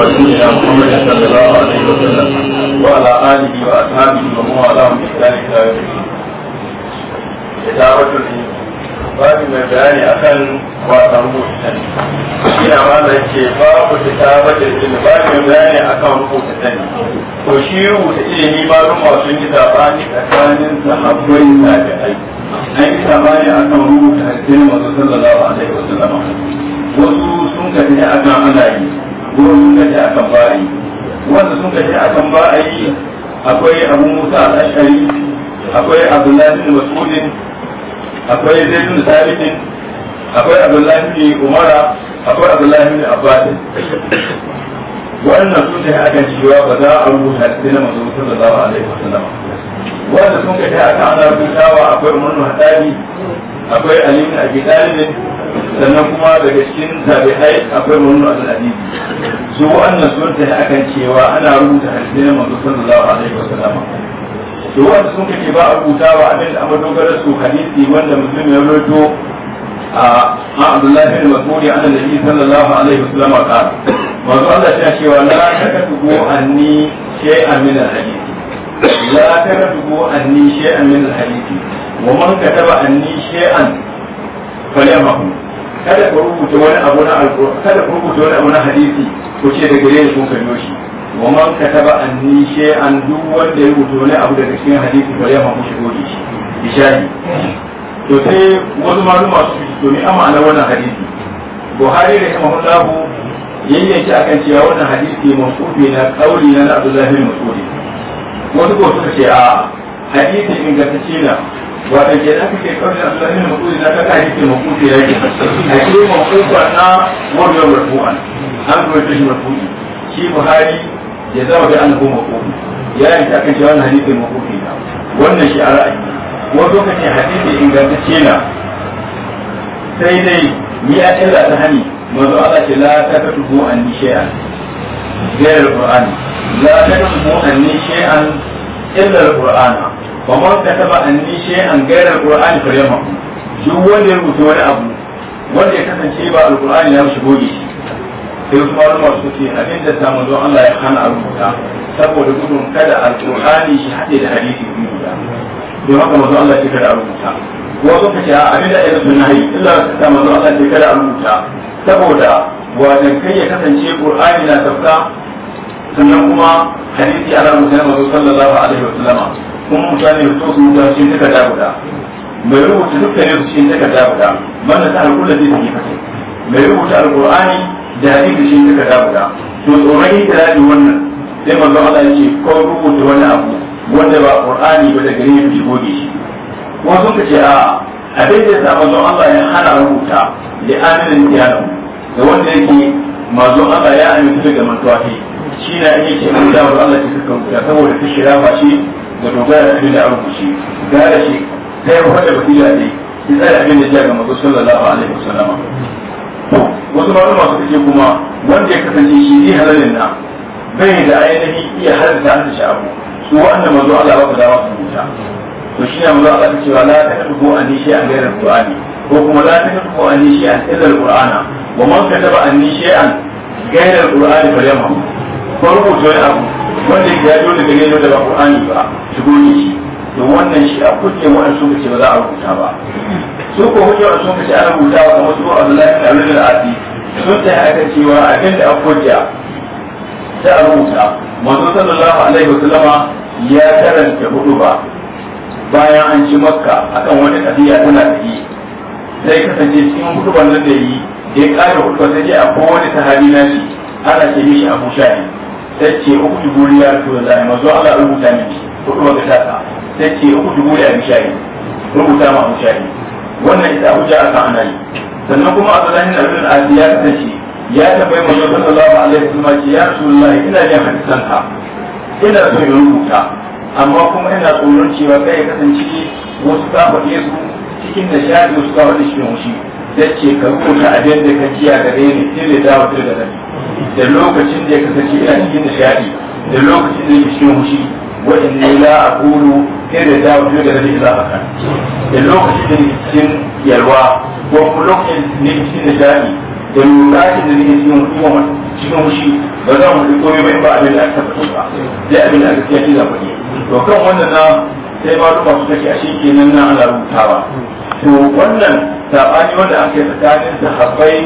رسولنا محمد صلى الله عليه وسلم وعلى آله وأصحابه ومن والاهم بإحسان إلى يوم الدين. كتابة باب من بيان أكل وأتمه السنة. هنا ماذا يشي باب كتابة العلم باب من بيان أكل ركوع السنة. وشيء وتجيني معلومة وشن كتاباني أكان تحبين تابعي. أي كتاباني أكل ركوع السنة صلى الله عليه وسلم. وسوء سنة أكل عليه ko sun kaji akan ba a yi wanda sun kaji akan ba a akwai abu musa al'ashari akwai abdullahi bin mas'udin akwai zaitun bin sabitin akwai abdullahi bin umara akwai abdullahi bin abbasin. wannan sun a kan cewa ba za a rubuta sai na mutum manzo sallallahu alaihi wasallam wanda sun kaji akan ana rubutawa akwai umar hadari akwai ali bin abi talib sannan kuma daga cikin tabi'ai akwai wani al'adidi su wannan sun tafi akan cewa ana rubuta hadisai na manzo sallallahu alaihi wa wasallam su wanda sun kake ba a rubutawa abin da amma dogara su hadisi wanda mutum ya rubuto a Abdullahi bin Mas'ud an Nabi sallallahu alaihi wa wasallam ka manzo Allah ya cewa la takatubu anni shay'an min al-hadith la takatubu anni shay'an min al-hadith wa man kataba anni shay'an falyamahu kada ku rubuta wani abu na alƙur'ani kada ku rubuta wani abu na hadisi ku ce da gare shi kun kanyo shi wa man kataba anni shay'an duk wanda ya rubuta wani abu daga cikin hadisi bare ma ku shigo shi bishani to sai wasu maluma su fito ne amma ana wannan hadisi Buhari da kuma Allahu yayyanki akan cewa wannan hadisi mawqufi na kauli na Abdullahi bin Mas'ud wasu ko suka ce a hadisi ingantacce na wato ke aka ce kawai a tsarin makudu na kaka ke makudu ya yi a ke makudu na wannan rafu'an an rubuta shi makudu shi buhari ya zama bai an kuma makudu ya yi ta kan cewa na hadisin makudu na wannan shi a ra'ayi wasu ka ce hadisin ingantacce na sai dai ni a illa ta hani manzo ala ce la ta katubu an ni shay'an gairar qur'ani la ta katubu an ni shay'an illa al-qur'ana fa man kataba anni shay'an ghayra alqur'ani falyama duk wanda ya rubuta wani abu wanda ya kasance ba alqur'ani ya shigo shi sai wasu malama suke abin da samu don Allah ya hana a rubuta saboda gudun kada alqur'ani shi hade da hadisi guda don haka manzo Allah ya kada a rubuta wasu ka ce abin da ya rasu na yi illa da manzo Allah ya kada a rubuta saboda wajen kai ya kasance qur'ani na tafka sannan kuma hadisi ala rubuta wa sallallahu alaihi wa sallama kuma mutane su su shi cikin takarda guda mai rubuta dukkan su cikin takarda guda banda ta alƙulla zai yi fasai mai rubuta alƙur'ani da hadisi cikin takarda guda to tsoron yi kirari wannan sai manzo Allah ya ce ko rubuta wani abu wanda ba Qur'ani ba da gare shi goge shi ko sun ce a abin da ya sa manzo Allah ya hana rubuta da aminin iyalin da wanda yake manzo Allah ya amince daga mantuwa kai shi na ake ce mun da Allah ya saka mu saboda ta shira ba shi da dogara da da abu shi gara shi sai ya fada wasila ne shi sai abin da ya ga manzo sallallahu alaihi wasallam wasu malama suka ce kuma wanda ya kasance shi zai halalin na bai da ainihin iya halalta an shi abu su wa'anda manzo Allah ba ku dawa su huta to shi ne manzo Allah ta ce la ta dubo an shi an gairar Qur'ani ko kuma la ta dubo an shi an illa Qur'ana wa man kataba anni shay'an ghayra al-qur'ani falyamhu ko rubuta wani abu wanda ya jo daga ne da ba qur'ani ba shigo ne shi to wannan shi a kulle mu an suka ce ba za a rubuta ba su ko hujja an suka ce ana rubuta ba kamar su Abdullahi ibn da Aziz sun ta aka cewa abin da aka hujja sai rubuta manzo sallallahu alaihi wasallama ya karanta hudu ba bayan an ci makka akan wani kadiya tana da yi sai kasance cikin hudu nan da yi ya kare hudu wata je a ta sahabi na shi ana ce mishi abu shari sai ce uku dubu riya to da zai mazo Allah rubuta miki hudu wata ta sa sai ce uku dubu riya abu shari rubuta ma abu shari wannan ita abu a kan ana yi sannan kuma Abdullahi bin Abdul Aziz ya ce ya tambayi manzo sallallahu alaihi wasallam ce ya Rasulullahi ina jin hadisan ka ina so in rubuta amma kuma ina tsoron cewa kai ya kasance wasu kafa faɗe su cikin nishadi wasu kafa faɗe cikin wushi yace ka rubuta abin da ka kiya gare ni sai da dawo da nabi da lokacin da ya kasance ina cikin nishadi da lokacin da yake cikin hushi wa inni la aqulu sai da dawo da nabi ila haka da lokacin da yake cikin yalwa ko kuma lokacin da yake cikin nishadi da lokacin da yake cikin hukuma cikin hushi ba za mu riko ba abin da aka tabbata ba sai abin da aka kiyaye da kuɗi to kan wannan na sai ba rufa su take a shi ke nan ana rubutawa to wannan sabani wanda ake yi tsakanin sahabbai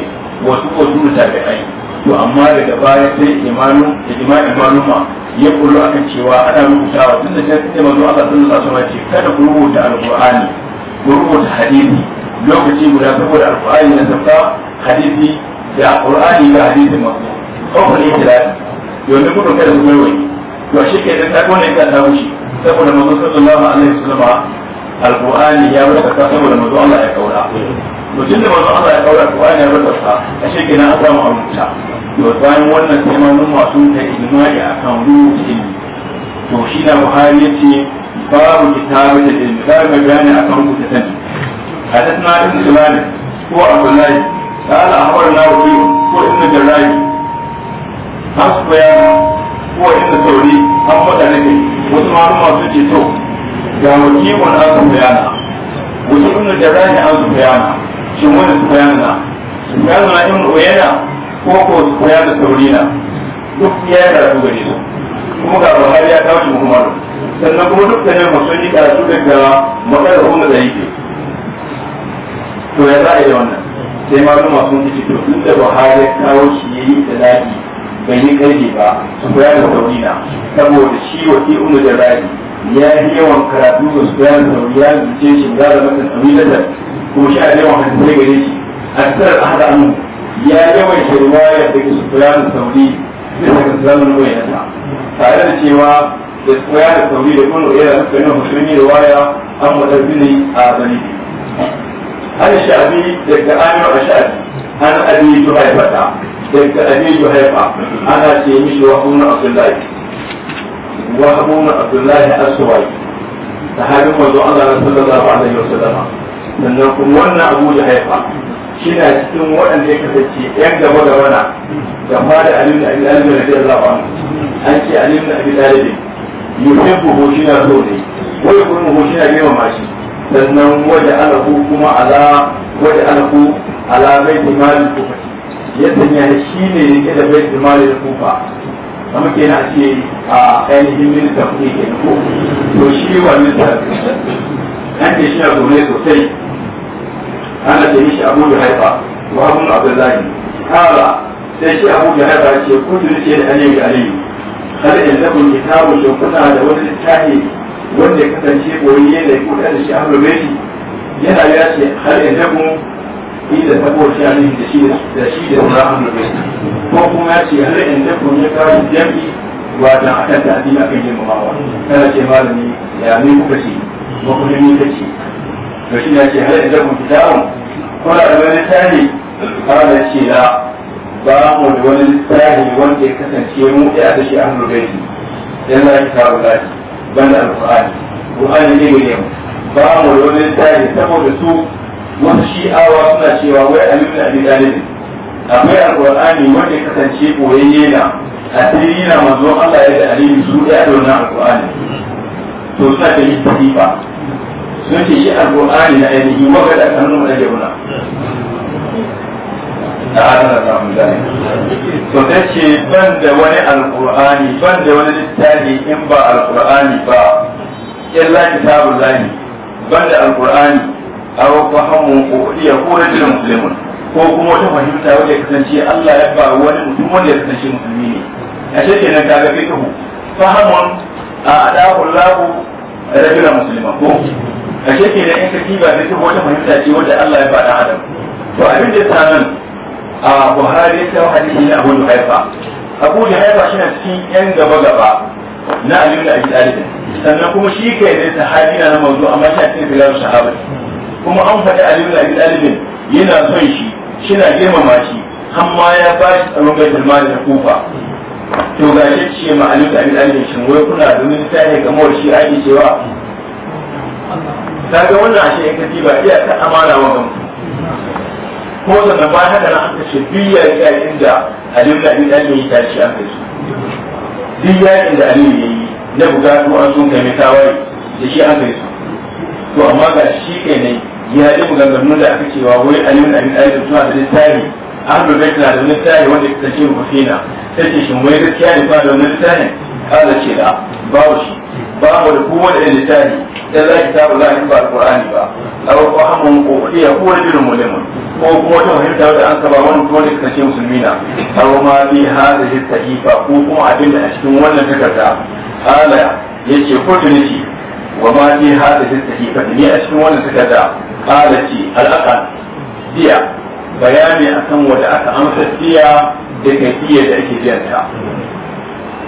wasu wasu mutabi'ai to amma daga baya sai imamu ijma'in maluma ya kullu akan cewa ana rubutawa tunda sai sai manzo Allah sallallahu alaihi wasallam ce kada ku rubuta alqur'ani ku rubuta hadisi lokaci guda saboda alqur'ani na safa hadisi da alqur'ani da hadisi ma ko ne kira domin gudun kada su wai to shi ke da ta gona ta wuce saboda manzo sallallahu alaihi wasallam alqur'ani ya wata ka saboda manzo Allah ya kaura to tunda manzo Allah ya kaura alqur'ani ya wata ka a shekenan an samu rubuta to bayan wannan sai ma mun masu da ijma'i akan rubuce to shi na buhari yace babu kitabu da ilmi babu bayani akan rubuta sani حدثنا ابن سلمان هو عبد الله قال اخبرنا وكيل هو ابن جراي حسبيان ko da sauri an faɗa nake wasu malama masu ce to ga wakilun an su bayana wakilun da jarrahi an su bayana shin wani su bayana na su bayana na in oyana ko ko su bayana sauri na duk ya yi karatu gare su kuma ga buhari ya kawo shi muhammadu sannan kuma duk sanin masu yi karatu daga matsalar wanda da yake to ya za a yi wannan sai masu sun ce to tun da buhari ya kawo shi ya yi da lafiya bai yi karfi ba su koya da saurina saboda shi ke umu da rani ya yi yawan karatu da su koya da saurina ya zuce shi ga da masa da kuma shi a yawan hadisai gare shi a tsirar a haɗa mu ya yawan shirwa ya daga su koya da sauri da daga salamun wayarsa tare da cewa da su koya da sauri da kuma ya da suka yi musulmi da waya an bini a zanibi an sha'abi daga amir a sha'abi an ya tuhaifata daga abin juhaifa ana ce mishi wahabun abdullahi wahabun abdullahi aswai sahabin manzo Allah sallallahu alaihi wasallama sannan kuma wannan abu juhaifa shi na cikin waɗanda ya kasance yan gaba gaba na gaba da alim da abin alim da Allah ba an ce alim da abin alim yuhibbu hu shi na so ne wai kuma hu shi na girmama shi sannan waje alahu kuma ala waje alahu ala baiti malik kufati ya sanya shi ne rike da bai jimali da kufa kama ke na ce a ainihin minista kuɗi ke ko to shi wa minista an ke shi a gome sosai ana ce shi abu da haifa wa abu da abdullahi kara sai shi abu da haifa ce kudu ce da aliyu da aliyu kada in zaɓi kitabun shekuta da wani littafi wanda ya kasance koyi ne da kuɗa da shi abu da yana ya ce har in zaɓi ni da taboci a ne da shi da shi da ko kuma ya ce in akan da addini akan yin kana ce malami ya ne kuka ce ko kuma ni kace to shi ya ce har in da kun kitabun ko da wani tani kana ce la ba mu da wani lissafi wanda ya kasance mu ya da shi ahlul baiti yana kitabul lahi banda alqur'ani qur'ani ne ne ba mu da wani lissafi saboda su wasu shi'awa suna cewa wai Ali bin Abi Talib akwai alƙur'ani wanda ya kasance koyayye na asiri na manzo Allah ya da Ali su ya da wannan alqur'ani to suna da istifa sun ce shi alƙur'ani na ainihi wanda gada kan nuna da wannan ta'ala da mu dai to ce ban da wani alƙur'ani ban da wani littafi in ba alƙur'ani ba illa kitabullahi ban da alƙur'ani. aw ko ko iya ko kuma wata fahimta kasance Allah ya ba wani mutum wanda ya kasance musulmi ne a ce kenan kaga fiqhu fahamun a ko a ce kiba da wata fahimta ce wanda Allah ya ba adam to abin da nan a Buhari hadisi na Abu Haifa Abu Haifa shi na cikin yan gaba gaba na alimin da ake sannan kuma shi kai ne na na mawzu amma shi a cikin filar sahabai kuma an faɗi Ali abin Abi Talib yana son shi shina girmama shi har ma ya ba shi tsaron baitul mali da kufa to ga shi ce ma Ali abin Abi shi wai kuna domin ta yi ga mawar shi ake cewa Ta ga wannan ashe in kaci ba iya ta amana wa gamsu ko sannan ba haka na aka ce biya ya inda Ali bin Abi Talib ya tashi aka ce duk yakin da Aliyu ya yi na bugatu an sun kai tawaye da shi aka yi to amma ga shi kai ne ya ji maganganun da aka cewa wai alimin abin ɗalibin suna da littafi ahlul bait na da wani littafi wanda ya kasance mafina sai ce shin wai gaskiya ne kuma da wani littafi kaza ce da babu shi babu da kuma da littafi da za ki tabu za a yi ba alkur'ani ba aw fahamun qawliya huwa rajulun mulim ko kuma wata fahimta da an saba wani kuma da kasance musulmi na aw ma bi hadhihi sahifa ko kuma abin da a cikin wannan takarda ala ya yace ko tunisi wa ma fi hadhihi sahifa ni a cikin wannan takarda qala ci al-aqal biya bayani akan wanda aka amsa biya da kafiya da ake biyan ta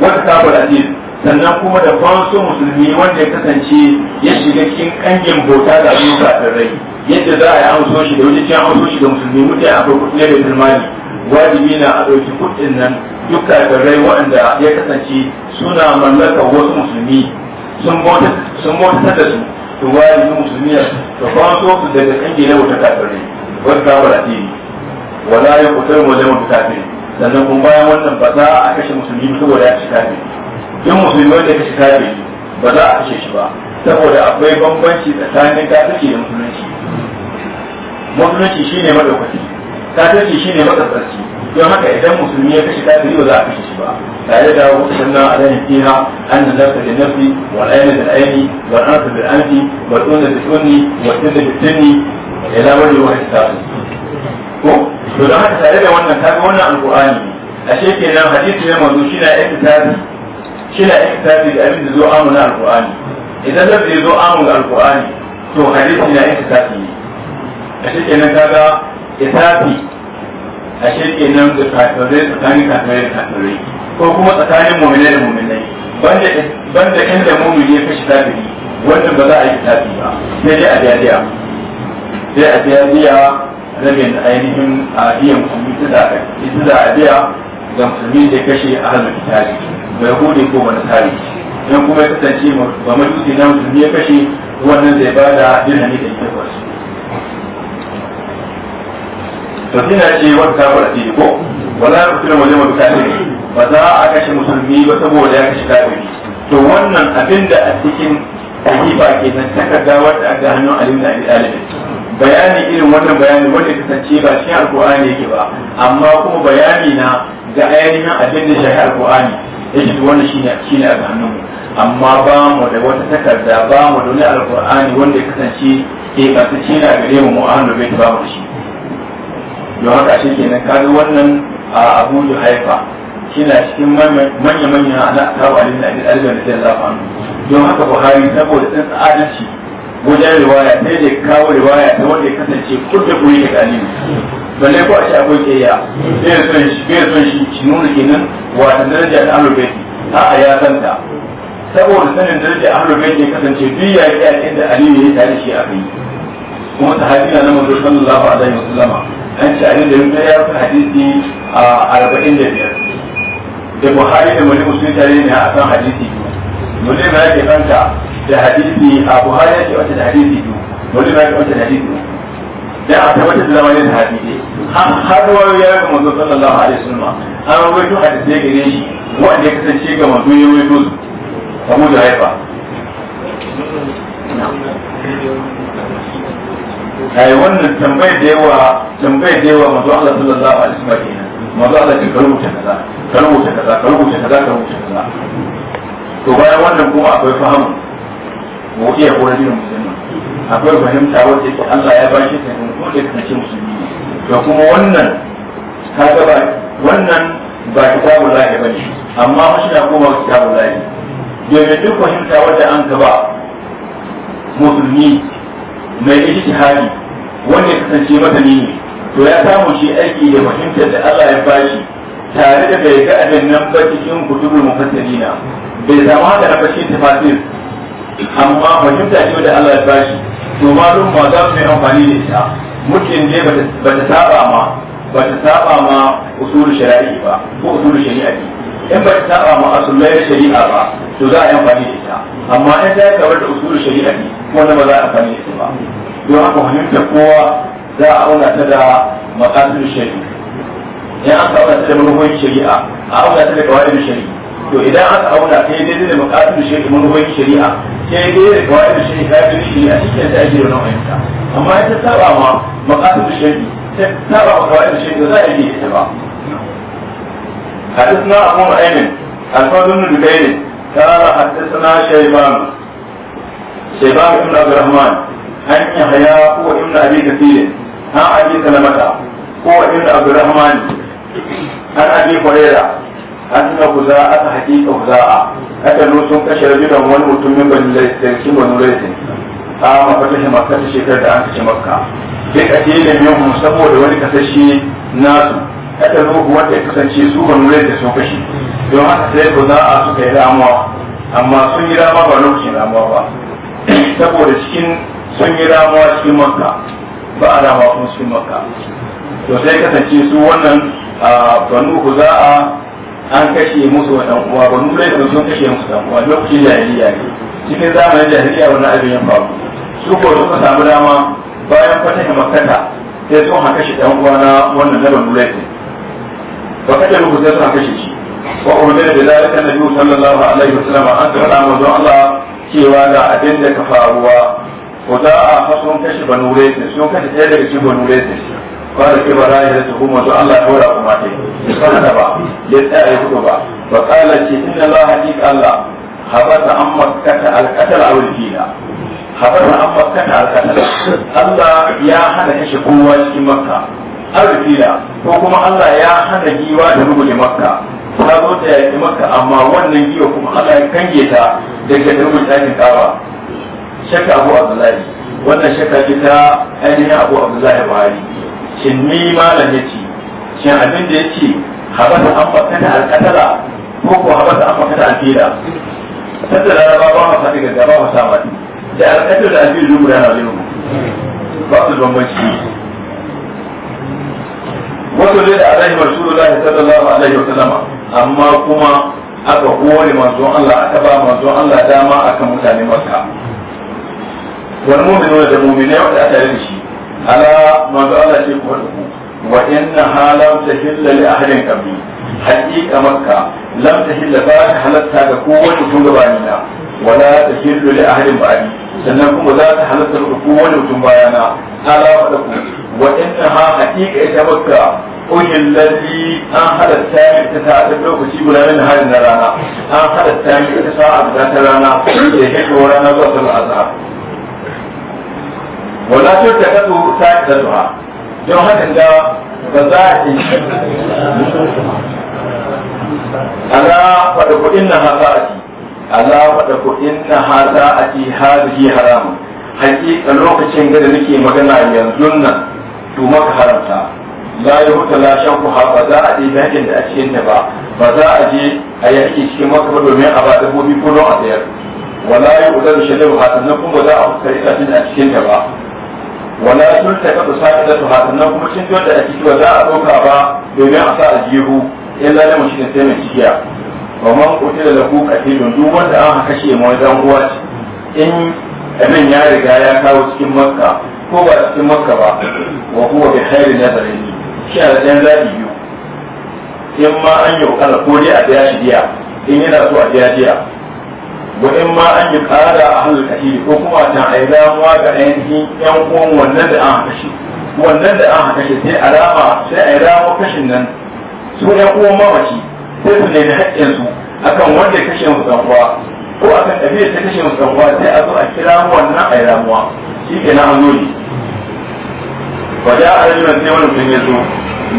wata tabar adil sannan kuma da fansu musulmi wanda ya kasance ya shiga cikin kanyen bota da abin kafin rai yadda za a yi amso shi da wajen cin amso ga musulmi mutane a farko ne da musulmani wajibi na a ɗauki kuɗin nan duk kafin rai waɗanda ya kasance suna mallaka wasu musulmi sun bauta sun bauta da su to wani ne musulmi ya to ba so su daga kange na wuta kafirai wani kafir a tiri wala ya kutar mu zama kafiri sannan kun bayan wannan ba za a kashe musulmi saboda ya ci kafiri in musulmi wanda ya kashe kafiri ba za a kashe shi ba saboda akwai bambanci tsakanin kafirci da musulunci musulunci shine madaukaki kafirci shine matsatsi don haka idan musulmi ya kashe kafiri ba za a kashe shi ba tare da wutan nan a zanin fiha an da nafsa da nafsi wal aini da aini wal anfa da anfi wal unna da unni wal tunna da tunni ila wani wa hisabu ko to don haka tare da wannan kaga wannan alqur'ani a kenan hadisi ne manzo shi na iktisadi shi na iktisadi da abin da zo amuna alqur'ani idan lafi zo amuna alqur'ani to hadisi na iktisadi ne ashe kenan kaga iktisadi a shirke nan da kafirai tsakanin kafirai da kafirai ko kuma tsakanin mu'minai da mu'minai ban da inda mu'mini ya kashi kafiri wannan ba za a yi tafi ba sai dai a jadiya sai a jadiya rabin ainihin a biyan kuɗi da ita da a biya ga musulmi da kashe a halin kitabi mai hudu ko wani tari don kuma ya kasance ba majusi na musulmi ya kashe wannan zai ba da dirhami da ita kwasu to sai ce wata kafir asiri ko wala ya kusa wajen wata kafiri ba za a kashe musulmi ba saboda ya kashe kafiri to wannan abin da a cikin sahifa ke nan takarda a ga hannun alim da alibin bayani irin wannan bayani wanda kasance ba shi alkur'ani yake ba amma kuma bayani na ga ainihin abin da shahi alkur'ani yake to wanda shi ne a hannun mu amma ba mu da wata takarda ba mu da wani alkur'ani wanda kasance ke eh, kasance na gare mu mu'amalar bai ba mu shi don haka shi nan kaga wannan a abu haifa kina cikin manya-manyan ana kawo alin da ajiyar da sai zafa don haka buhari saboda tsin adalci wajen riwaya sai da kawo riwaya ta wanda ya kasance kudda kuri da kalin balle ko a ce akwai keya sai ya son shi ci shi nuna kenan wata daraja da ahlul a a ya santa saboda sanin daraja ahlul bayt ya kasance duk ya yi da aliyu ya yi tare shi a kai kuma hajji na namu sallallahu alaihi wasallama an ci abin da ya fi hadisi a arba'in da biyar da buhari da wani musulmi tare ne a kan hadisi biyu wani ya kanta da hadisi a buhari ya ke wata da hadisi biyu wani ba ya ke wata da hadisi biyu dan a tabbatar da zama ne hadisi har wani ya ga sallallahu alaihi an rawaito hadisi ya gare shi wanda ya kasance ga manzo ya rawaito su abu da haifa ai wannan tambayar da yawa tambayar da yawa manzo Allah sallallahu alaihi wasallam kenan manzo Allah ya rubuta kaza ka rubuta kaza ka rubuta kaza ka kaza to bayan wannan kuma akwai fahimu mu iya horar da musulmi akwai fahimta wacce ke Allah ya ba shi kan kuma da kace musulmi to kuma wannan ga ba wannan ba kitabul lahi bane amma mashi na koma kitabul lahi domin duk fahimta wadda an ka ba musulmi mai ijtihadi wanda ya kasance masani ne to ya samu shi aiki da fahimtar da Allah ya bashi tare da bai ga abin nan ba cikin kutubul mufassirina bai zama da na bashi amma fahimta ce da Allah ya bashi to malum ma za mu yi amfani da ita mutum ne ba ta saba ma ba ta saba ma usul shari'i ba ko usul shari'a in ba ta saba ma asulai shari'a ba to za a yi amfani da ita amma in ta yi kamar da usulul shari'a ne wanda ba za a amfani da ita ba don haka fahimta kowa za a auna ta da maqasid shari'a in ka auna ta da manufofin shari'a a auna ta da qawaid shari'a to idan aka auna ta daidai da maqasid shari'a manufofin shari'a ta daidai da qawaid shari'a ta daidai shari'a cikin ta ake wani fahimta amma in ta saba ma maqasid shari'a ta saba ma qawaid shari'a za a yi ita ba حدثنا أبو نعيم الفضل بن جبير قال حدثنا شيبان شيبان بن عبد الرحمن عن يحيى هو ابن أبي كثير عن أبي سلمة هو ابن عبد الرحمن عن أبي هريرة أن خزاعة حقيقة خزاعة أتلو سن كشر جدا wani mutum min bani laifin bani laifin a mafatahin makar shekarar da an kashe makka duk a tilin yin saboda wani kasashe nasu kada ruhu wanda ya kasance su ban da sun kashi, don haka sai ko za a suka yi ramuwa amma sun yi ramuwa ba lokacin ramuwa ba saboda cikin sun yi ramuwa cikin makka ba a ramuwa kuma cikin makka to sai kasance su wannan banu ku za a an kashe musu wa dan uwa banu da sun kashe musu dan uwa lokacin jahiliya ne cikin zamanin jahiliya wannan abin ya faru su ko suka samu dama bayan fatahin makkata sai sun haka shi dan uwa na wannan na banu laifin وكتب مجلسنا كشيشي وأمرنا بذلك النبي صلى الله عليه وسلم أن تقام الله cewa ga abin da ka faruwa ko za a fason kashe banu resis sun kashe ɗaya daga cikin banu resis kwana ke ta kuma to Allah ya ta yi kana ba ya tsaya ya kudu ba kala ce inna Allah an al an al Allah ya hana kashe kowa cikin makka arifina ko kuma Allah ya hana giwa da rubuce makka ta zo ta yaki makka amma wannan giwa kuma Allah ya kange ta daga rubuce ɗakin kawa shakka abu abdullahi wannan shakka ce ta ainihin abu abdullahi buhari shin ni malam ya ce shin abin da ya ce habata an bakata alƙatala ko ko habata an bakata alfila Tattara laraba ba ma faɗi gaba ba ma sa da alƙatar da alfila duk guda na ba su bambanci wato da alaihi rasulullahi sallallahu alaihi wasallam amma kuma aka kore manzon Allah aka ba manzon Allah dama akan mutane Makka wal mu'minuna da mu'minai wanda aka da shi ala manzon Allah ce ku hadu wa inna halam tahilla li ahadin qabli haqiqa makka lam tahilla ba halatta ga kowane mutum gabani na wala tahillu li ahadin ba'di sannan kuma za ta halatta ga kowane mutum bayana ala faɗa ku wa innaha haqiqa ita makka ƙungin lalli an halatta min ta ta ɗan lokaci guda min harin na rana an halatta min ita sa'a guda ta rana da hiddo rana wala ta don hakan da ba za a yi ala faɗa Allah faɗa ku inna hada a ti hadihi haramun hakika lokacin da nake magana yanzu nan to maka haramta la ya huta la shan ku ba za a ɗebi da a cikin ba ba za a je a yaki cikin maka ba domin a ba dabbobi ko don a sayar wala ya udar shalim hatannan kuma za a fuskari ɗafin a cikin ba wala sun ta kaɗu sa'ida to hatannan kuma cin da a ciki ba za a ɗauka ba domin a sa a jihu illa da ne sai mai cikiya wa man kutila lahu qatilun duk wanda an kashe ma wajen uwa ce in abin ya riga ya kawo cikin makka ko ba cikin makka ba wa huwa bi khairi nazarin shi a dan zabi biyu in ma an yi kala ko dai a biya shi biya in yana so a biya biya wa in ma an yi kara a halin katili ko kuma ta a yi damuwa ga ainihin yan uwan wannan da an kashe wannan da an kashe sai alama sai a yi damuwa kashin nan su yan uwan mamaci sai su nemi haƙƙinsu akan wanda ya kashe musu uwa ko akan ɗabi'ar ta kashe musu uwa sai a zo a kira wannan a yi ramuwa shi ke na an zo ne ba da a rajin sai wani mutum ya zo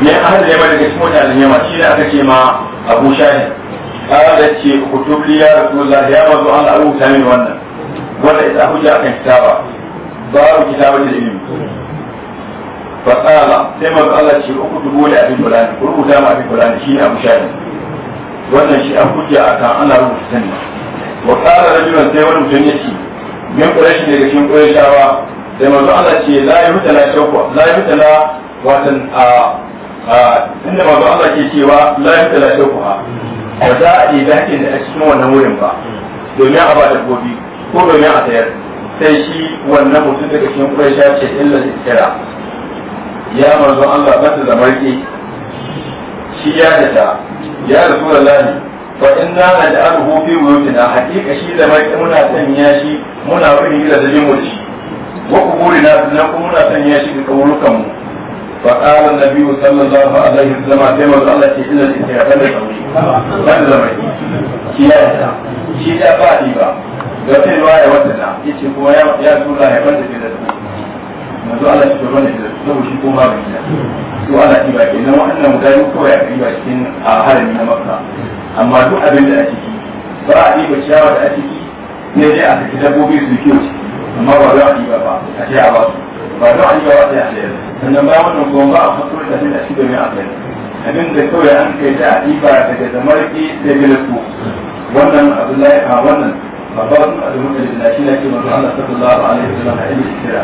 ne a hannun yamma daga cikin mutanen yamma shi ne aka ce ma abu shahin ƙara ce ku tubli ya rasu Allah ya mazu an rubuta mini wannan wanda ita hujja akan kitaba ba babu kitaba da ilimi fa qala sai manzo Allah ce uku dubu da abin bulani rubuta ma abin bulani shine abu shahin wannan shi an a kan ana rubuta sani wa qala rajulun sai wani mutum ya ce min ƙurashi ne daga cikin shawa sai mazu Allah ce la yuhtala shawqa la la watan a inda mazu Allah ke cewa la yuhtala shawqa ba za a yi dakin da a cikin wannan wurin ba domin a ba da gobi ko domin a sayar sai shi wannan mutum daga cikin shawa ce illa tsira ya mazu Allah ba ta zamarki shi ya isa ya rasulullahi fa inna naj'aluhu fi na hakika shi da mai muna sanya shi muna wani da dajin mu shi wa kuburina sannan kuma muna sanya shi ga kaburukan mu fa qala an-nabi sallallahu alaihi wasallam sai manzo Allah ce idan ki ya kada sauki ban da mai shi ya isa shi da ba ni ba da sai ruwa ya wata na yace kuma ya ya tura ya banda da sauki manzo Allah shi gaban da zai shi ko magani da su Allah shi ba ke nan wannan guda biyu kawai a ɗiba cikin a harami na Makka amma duk abin da a ciki ba a ɗiba ciyawa da a ciki ne dai a saki dabbobi su kiwo ciki amma ba za a ɗiba ba a ce a ba su ba za a ɗiba ba sai a sayar sannan ba wannan kuma ba a fasar da abin da shi domin a kai. abin da kawai an kai ta a ɗiba daga zamarki sai bilisku wannan abdullahi a wannan baban al-mutalib na shi ne ke manzo Allah sallallahu alaihi wasallam a ilmi kira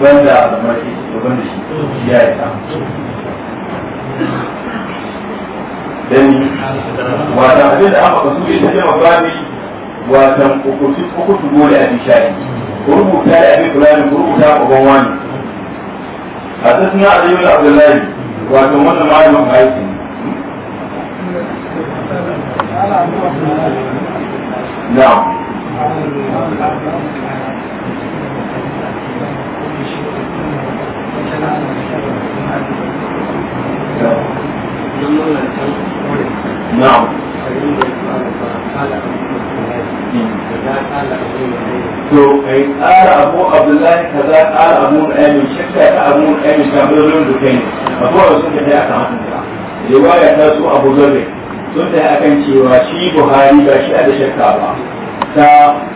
wanda da maki gaban da shi ya yi ta dan wata abin da aka kasu ya tafi mabani wata kokosi kokosu gole a rubuta ya bi fulani rubuta a gaban wani حدثنا علي بن عبد الله وأتمنى معي من na'am نعم to kai ƙara abu abdullahi kaza ƙara abu amin shakka ta abu amin kamar da kai abu da suka da aka hankala riwaya ta su abu zarri sun da akan cewa shi buhari ba shi a da shakka ba ta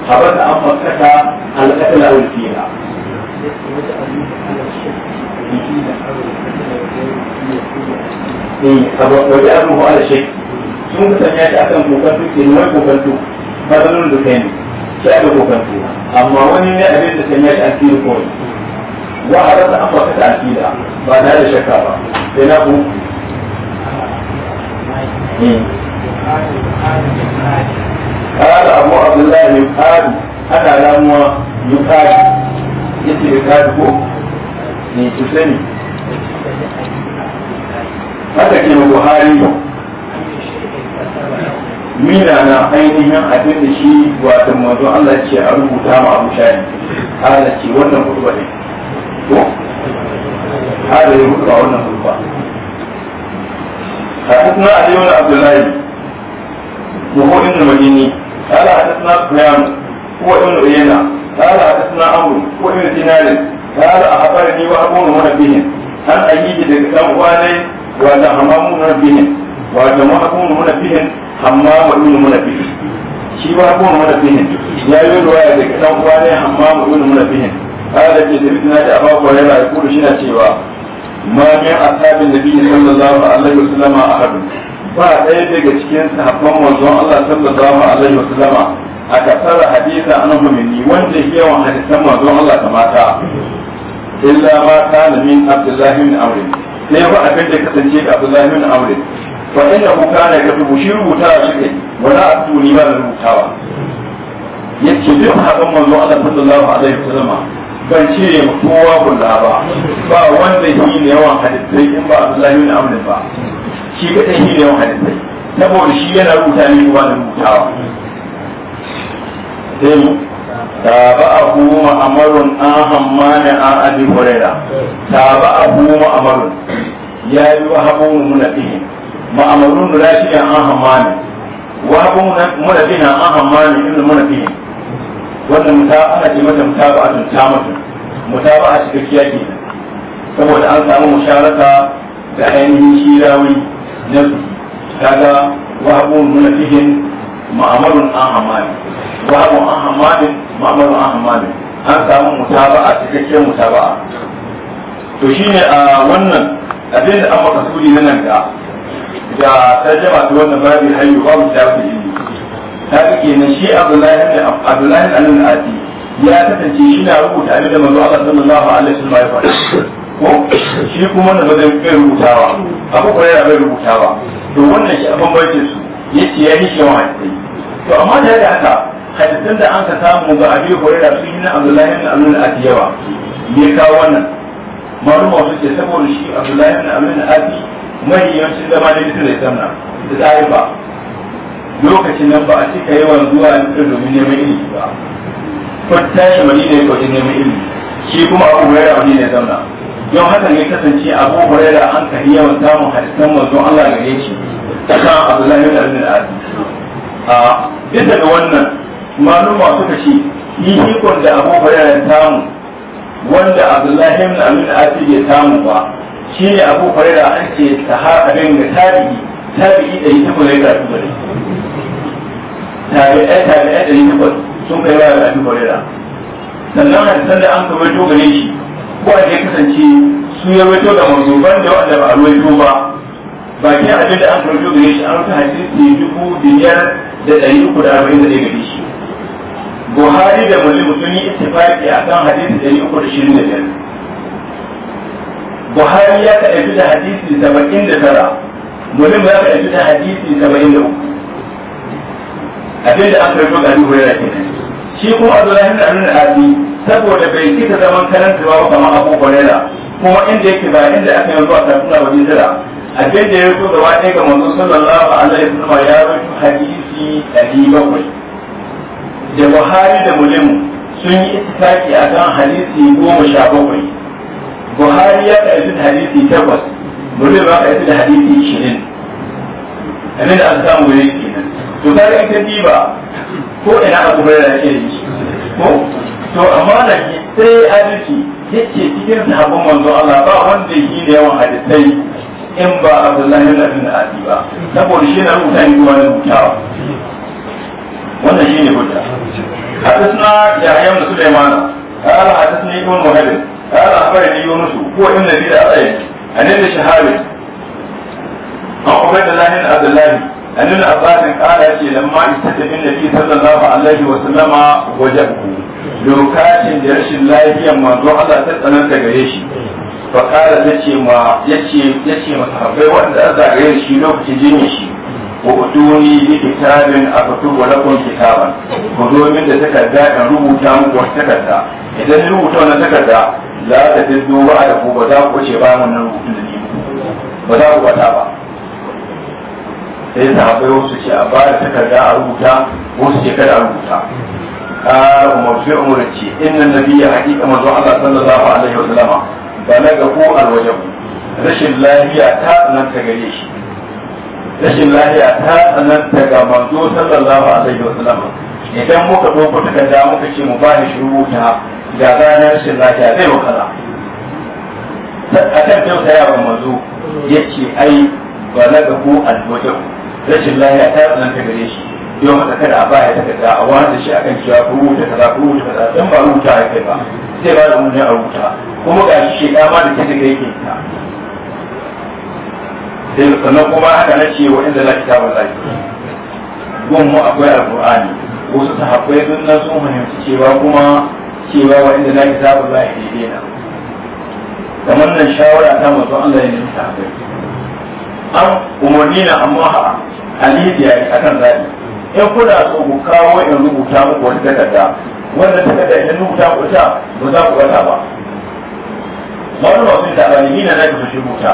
da an makata alƙatar alfiya wajen eh, abu ba da shakki sun ka sanya shi akan kokantu ke nuna kokantu ba zanen da kai ne shi aka kokantu amma wani ne abin da sanya shi an fiye kawai wa a rasa an makata alfiya ba tare da shakka ba sai na kuma قال أبو عبد الله يقال أنا لم يقال يتي يقال هو ni ki sani haka ke buhari mina na ainihin abin da shi wato manzo Allah ce a rubuta ma Abu Shani Allah ce wannan kutuba ne ko ya rubuta wannan kutuba حدثنا علي بن عبد الله وهو ابن المديني قال حدثنا سفيان هو ابن عيينة قال حدثنا عمرو هو ابن دينار قال أخبرني وأبون منبه أن أيدي الإسلام والي وأن همام منبه وأن وأبون منبه همام ابن منبه shi ba ko mana fihin ya yi ruwaya da kadan uwa ne amma mu ibn munafihin ala da ke da fitna da abawa yana da kudu shi na cewa ma min ashabin nabi sallallahu alaihi wasallama ahadun ba ɗaya daga cikin sahabban manzon Allah sallallahu alaihi wasallama a kasar hadisa an humini wanda yawan hadisan manzon Allah kamata illa ma kana min abdullahi min amrin sai ba abin da kasance da abdullahi min amrin fa inna hu kana yaktubu shi rubuta shi kai wala ni ba rubutawa yace duk hakan manzon Allah sallallahu alaihi wasallama ban cire ma kowa kula ba ba wanda shi ne yawan hadisai in ba Abdullahi ibn Amr ba shi ka tai shi ne yawan hadisai saboda shi yana rubuta ne ba da mutawa sai mu tabi'ahu ma'amarun ahan mani a abi hurera tabi'ahu ma'amarun ya yi wa hamu muna bihin ma'amarun da shi an ahan mani wa hamu muna bihin ahan mani ibn muna bihin wannan ta ana ce mata mutaba'atun a cikin cikakkiya ke saboda an samu musharaka da ainihin shirawi na su kaga wahabun nuna fihin ma'amarin an hamadi wahabun an hamadi ma'amarin an hamadi an samu mutaba'a cikakken mutaba'a to shine a wannan abin da an maka suri na nan da da jama'a ta wannan babu hayyu babu tafi kaga kenan shi Abdullahi da Abdullahi da Annabi Ati ya kasance shi na rubuta abin da manzo Allah wa alaihi wasallam ya faɗa ko shi kuma na bazai bai rubutawa abu kuma ya bai rubutawa to wannan shi abin bai su ce ya yi shawa hadisi to amma da haka hadisin da an ka samu ga Abi Hurairah sun yi na Abdullahi da Annabi Ati yawa ya kawo wannan maluma su ce saboda shi Abdullahi da Annabi Ati mai yawancin zama da mutum da sanna da tsari ba lokacin nan ba a cika yawan zuwa domin neman ilimi ba ko tashi madina ya kwaje neman ilimi shi kuma abu huraira wani ne zauna don haka ne kasance abu huraira an kari yawan samun hadisan manzon Allah gare shi ta kan Abdullahi bin Abdul Aziz a duk daga wannan maluma suka ce yi hikon da abu huraira ya samu wanda Abdullahi bin Abdul Aziz ya samu ba shine abu huraira an ce sahaba abin da tabi'i tabi'i da yake kula da su tabi'ai tabi'ai ɗari takwas sun kai wa da abin horera sannan hadisan da an kamar to gare shi ko a ya kasance su ya wato da ban da wanda ba a ruwaito ba bakin abin da an kamar to gare shi an rufe hadisi dubu biyar da ɗari uku da arba'in da ɗaya gare shi buhari da muslim sun yi ittifaqi akan hadisi ɗari uku da shirin da biyar buhari ya kaɗaitu da hadisi saba'in da tara muslim ya kaɗaitu da hadisi saba'in da uku abin da aka rubuta Abu yana kenan shi kuma Abdullahi ibn Amr al-Abi saboda bai cika zaman karanta ba kuma Abu Hurairah kuma inda yake ba inda aka yi zuwa tafsira ba jira abin da ya rubuta gaba ɗaya ga manzo sallallahu alaihi wasallam ya rubuta hadisi bakwai. da Buhari da Muslim sun yi ittifaki akan hadisi 17 Buhari ya karbi hadisi 8 Muslim ya karbi hadisi 20 abin da an samu yake kenan to ga in diba ko ina abu bai da ke yi ko to amma da sai adalci. yake cikin sahabban manzo Allah ba wanda yi da yawan hadisai in ba Abdullahi bin Abi Abi ba saboda shi na rubuta ni wani rubutawa wannan shine hujja حدثنا يحيى بن سليمان قال حدثني ابن وهب قال اخبرني يونس هو ابن ابي الاعين عن ابن شهاب عن عبيد الله بن عبد الله an ibn abbas kala da lamma istadin nabi sallallahu alaihi wa sallama wajahu lokacin da rashin lafiyar manzo Allah ta tsananta gare shi fa kala yace ma yace yace masahabai wanda aka gare shi lokacin jinyar shi وأتوني بكتاب أكتب لكم كتابا خذوا من تكدا إن ربوتا مكوش تكدا إذا ربوتا أنا تكدا لا تتدوا بعده وذاك وشبان من ربوتا ba za ku ba sai sahabbai wasu ce a bada takarda a rubuta wasu ce kada a rubuta قال عمر في عمر إن Allah حقيقة من wa sallama الله عليه وسلم بلغه الوجب rashin lafiya ta tsananta gare shi rashin lafiya ta tsananta ga manzo sallallahu alaihi wasallam idan muka ɗauko takarda muka ce mu bani shi rubuta ga ranar rashin lafiya zai wa wakala a kan tausaya wa manzo ya ce ai balaga ko alwajau rashin lahiya ta ka gare shi yau mata kada a baya takarda a wani da shi kan cewa ku rubuta kaza ku rubuta kaza dan ba rubuta ya kai ba sai ba da mun a rubuta kuma ga shi shi ma da take kai ke ta sai sannan kuma haka na ce wa inda la ba lahi gun mu akwai alqur'ani wasu sahabbai sun nan sun fahimci cewa kuma cewa wa inda la ba lahi daidai na kamar nan shawara ta mutum Allah ya nemi sahabbai an umarni na amma hadisi ya yi akan zaɓi in kuna so ku kawo in rubuta muku wani takarda wannan takarda idan rubuta ku ta ba za ku gata ba wani masu da alimi na na su rubuta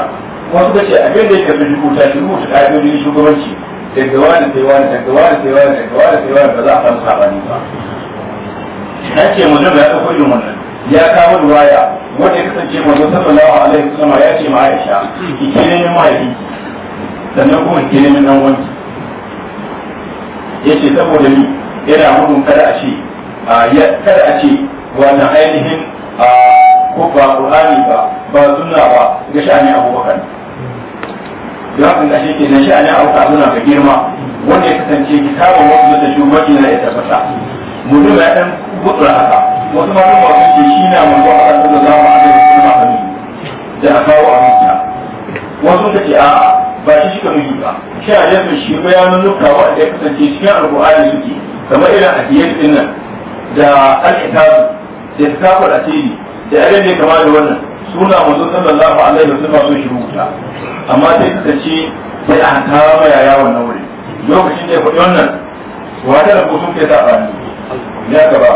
wasu suka ce abin da yake su rubuta shi rubuta ƙa'idodin shugabanci daga wani sai wani daga wani sai wani daga wani sai wani ba za a samu saɓani ba na ce mu zama ya ɗauko irin wannan ya kawo ruwaya wanda ya kasance manzo sallallahu alaihi wasallam ya ce ma Aisha ki ne mai mahaifinki sannan kuma ke neman dan wanki ya ce saboda ni yana gudun kada a ce kada a ce wannan ainihin ko ba qur'ani ba ba sunna ba ga sha'ani abubakar don haka da shi kenan sha'ani abubakar suna ga girma wanda ya kasance kitabun wasu da shugabanci na ya tabbata mutum ya dan gutsura haka wasu ma ba su ce shi na ba a kan da za mu haɗa da kuma da a kawo a wasu da ke a'a ba shi suka nufi ba shi a jefin shi bayanan nuka wanda ya kasance cikin alƙur'ani suke kamar irin adiyar din nan da al'itabu da tafafar asiri da irin da kama da wannan suna mazo sallallahu alaihi wa sallam sun shi rubuta amma sai kasance sai a kama yaya wannan wuri lokacin da ya faɗi wannan wata da kusur ke ne ya gaba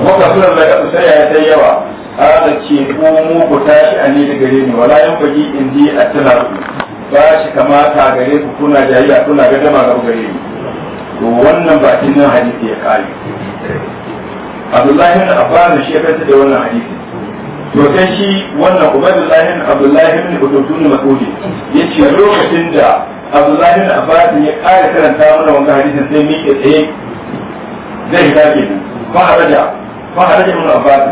wata suna da kasu sai ya sai yawa ala ce ko mu ku tashi a ne da gare ni wala yan fagi in ji a tana ba shi kamata gare ku kuna jayayya kuna gaddama ga gare ni to wannan kin nan hadisi ya kare Abdullahi ibn Abbas shi ya kanta da wannan hadisi to sai shi wannan Ubaydullah ibn Abdullah ibn ne. Mas'ud yace lokacin da Abdullahi ibn Abbas ya kare karanta mana wannan hadisin sai ke tsaye zai dace fa haraja fa haraja ibn Abbas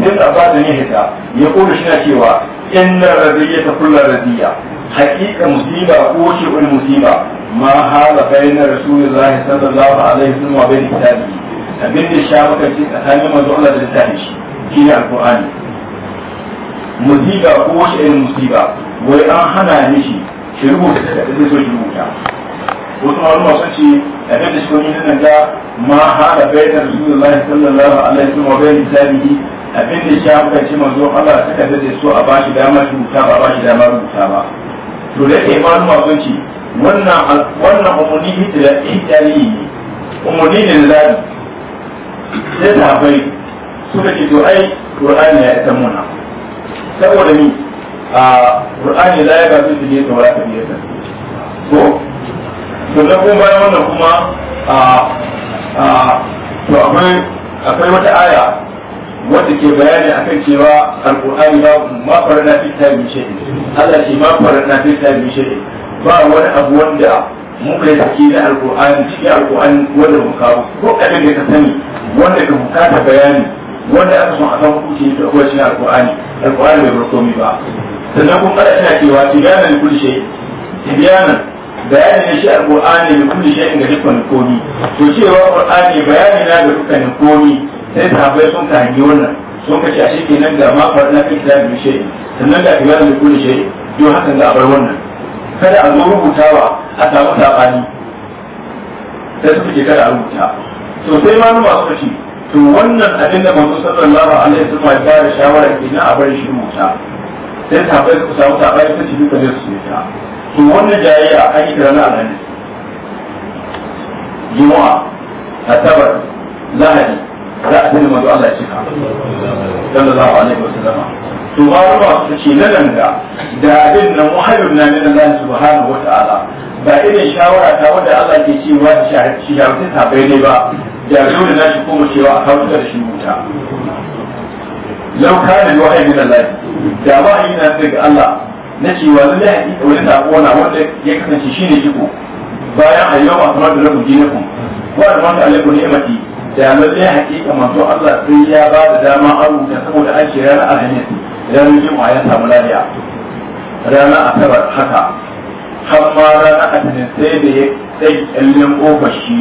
sai Abbas ne hita ya kula shi na cewa inna radiyata kullu radiyata haƙiƙa musiba ko ce wani musiba ma hala bayyana rasulullahi sallallahu alaihi wasallam wa bayyana kitabi abin da sha maka ce tsakanin manzo Allah da littafin shi shine alqur'ani musiba ko wace irin musiba wai an hana ni shi shi rubuta da zai so shi rubuta wasu malama sun ce abin da shi nan ga ma wa abin da sha maka ce manzo Allah suka da so a bashi dama rubuta ba a bashi dama rubuta ba to da ke malu masu wannan wannan umarni hitali ne umarni ne na zaɓi sai ta bai suka ce to ai ƙur'ani ya isa muna saboda ni a ƙur'ani za ya gasu su ne saura ta biyar ta ko to na kuma bayan wannan kuma a to akwai akwai wata aya wanda ke bayani akan cewa alqur'ani ba ma farna fi kitabi shay Allah shi ma farna fi kitabi shay ba wani abu wanda muka yi saki da alqur'ani cikin alqur'ani wanda mu kawo ko abin da ka sani wanda ka bukata bayani wanda aka son a san hukunci da kuma cikin alqur'ani alqur'ani bai bar komai ba sannan kun kada ina cewa tibiyana da kulli shay tibiyana bayani ne shi alqur'ani da kulli shay ga dukkan komi to cewa alqur'ani bayani na ga dukkan komi sai sahabbai sun ka hangi wannan sun ka ce a shi nan ga ma na kan kitabi bi shay'in sannan ga kibara da kullu shay'in don hakan ga abar wannan kada a zo rubutawa a samu sabani sai suka ce kada a rubuta to sai ma nuna su ce to wannan abin da manzo sallallahu alaihi wasallam ya ba da shawara ke a abar shi rubuta sai sahabbai su samu sabani ta ci duka ne su ta to wannan jayayya an yi kirana alhamis juma'a asabar lahadi da addinin manzo Allah ya cika sallallahu alaihi wasallam to malama su ce na danga da abin nan muhayyun na min Allah subhanahu wa ta'ala ba irin shawara ta wanda Allah ke cewa shi ta bai ne ba da zo da nashi kuma cewa a kawo da shi wuta lau kana wahayi min Allah da wahayi na daga Allah na cewa lalle hakika wani sako na wanda ya kasance shine shigo bayan ayyama asma'u rabbukum dinakum wa arhamtu alaikum ni'mati da lallai hakika manzo Allah sai ya ba da dama a rubuta saboda an shirya na alhamis ranar juma'a ya samu lafiya ranar asabar haka har ma ranar asinin sai da ya tsaye kyallin kofar shi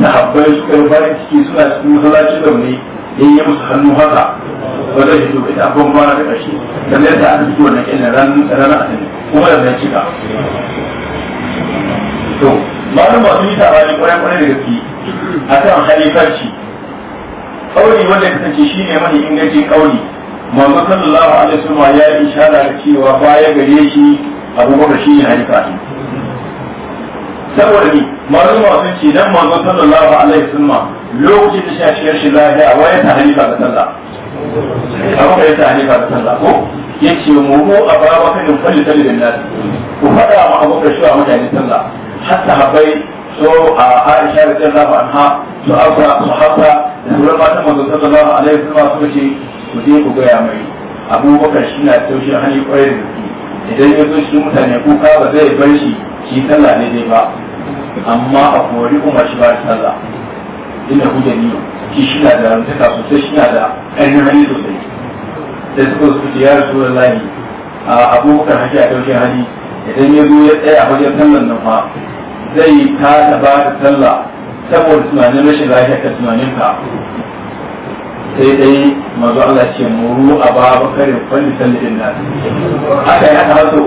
ta habbai su kai ciki suna cikin masallacin zaune ya yi musu hannu haka ba zai fito ita abin ba na da ƙarshe sannan ta aka fito wannan kyallin ranar asinin kuma da zai cika. to ma'ana masu yi ta bani kwanan kwarai da gaske akan khalifarci kauli wanda ya ce shi ne mahi inganci kauli manzo sallallahu alaihi wasallam ya yi ishara da cewa baya gare shi abubakar shi ne halifa saboda ni malama sun ce dan manzo sallallahu alaihi wasallam lokacin da shashiyar shi lafiya wa ya ta halifa da sallah abu ya ta halifa da sallah ko yace mu mu wa kan falli talibin nas ku fada ma abubakar shi wa mutane sallah hatta habai a Aisha radiyallahu anha su Abba da sauran matan manzo sallallahu alaihi wasallam suka ce ku je ku gaya mai Abubakar shi na taushe hali kwarai da gaske idan ya zo mutane kuka ba zai bar shi shi sallah ne ba amma a kori umar shi ba shi sallah ina hujja ni shi na da sosai shi na da hali sosai ce ya rasu da a abubakar taushe hali idan ya ya tsaya wajen sallan nan zai ta da ba da sallah saboda tunanin rashin lafiya ka tunanin ka sai dai mazu Allah ce muru a ba bakarin falli sallin nan aka yi haka so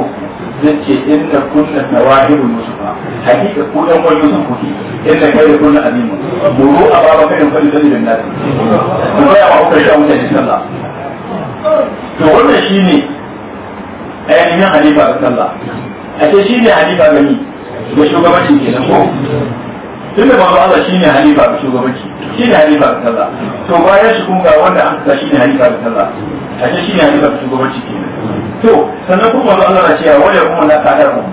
zai ce inda kunna tawahirul ba. hakika ku ɗan wani yusuf kuki inda kai da kunna azimu muru a ba bakarin falli sallin nan ku gaya wa kuka shan mutane sallah to wannan shine ainihin halifa ga sallah a ce shine halifa gani ga shugabanci ke nan ko tun da manzo Allah shine halifa ga shugabanci shine halifa ga kaza to bayan shi kuma ga wanda an ka shine halifa ga kaza ashe shine halifa ga shugabanci ke nan to sannan kuma manzo Allah ya ce wala kuma na kadar mu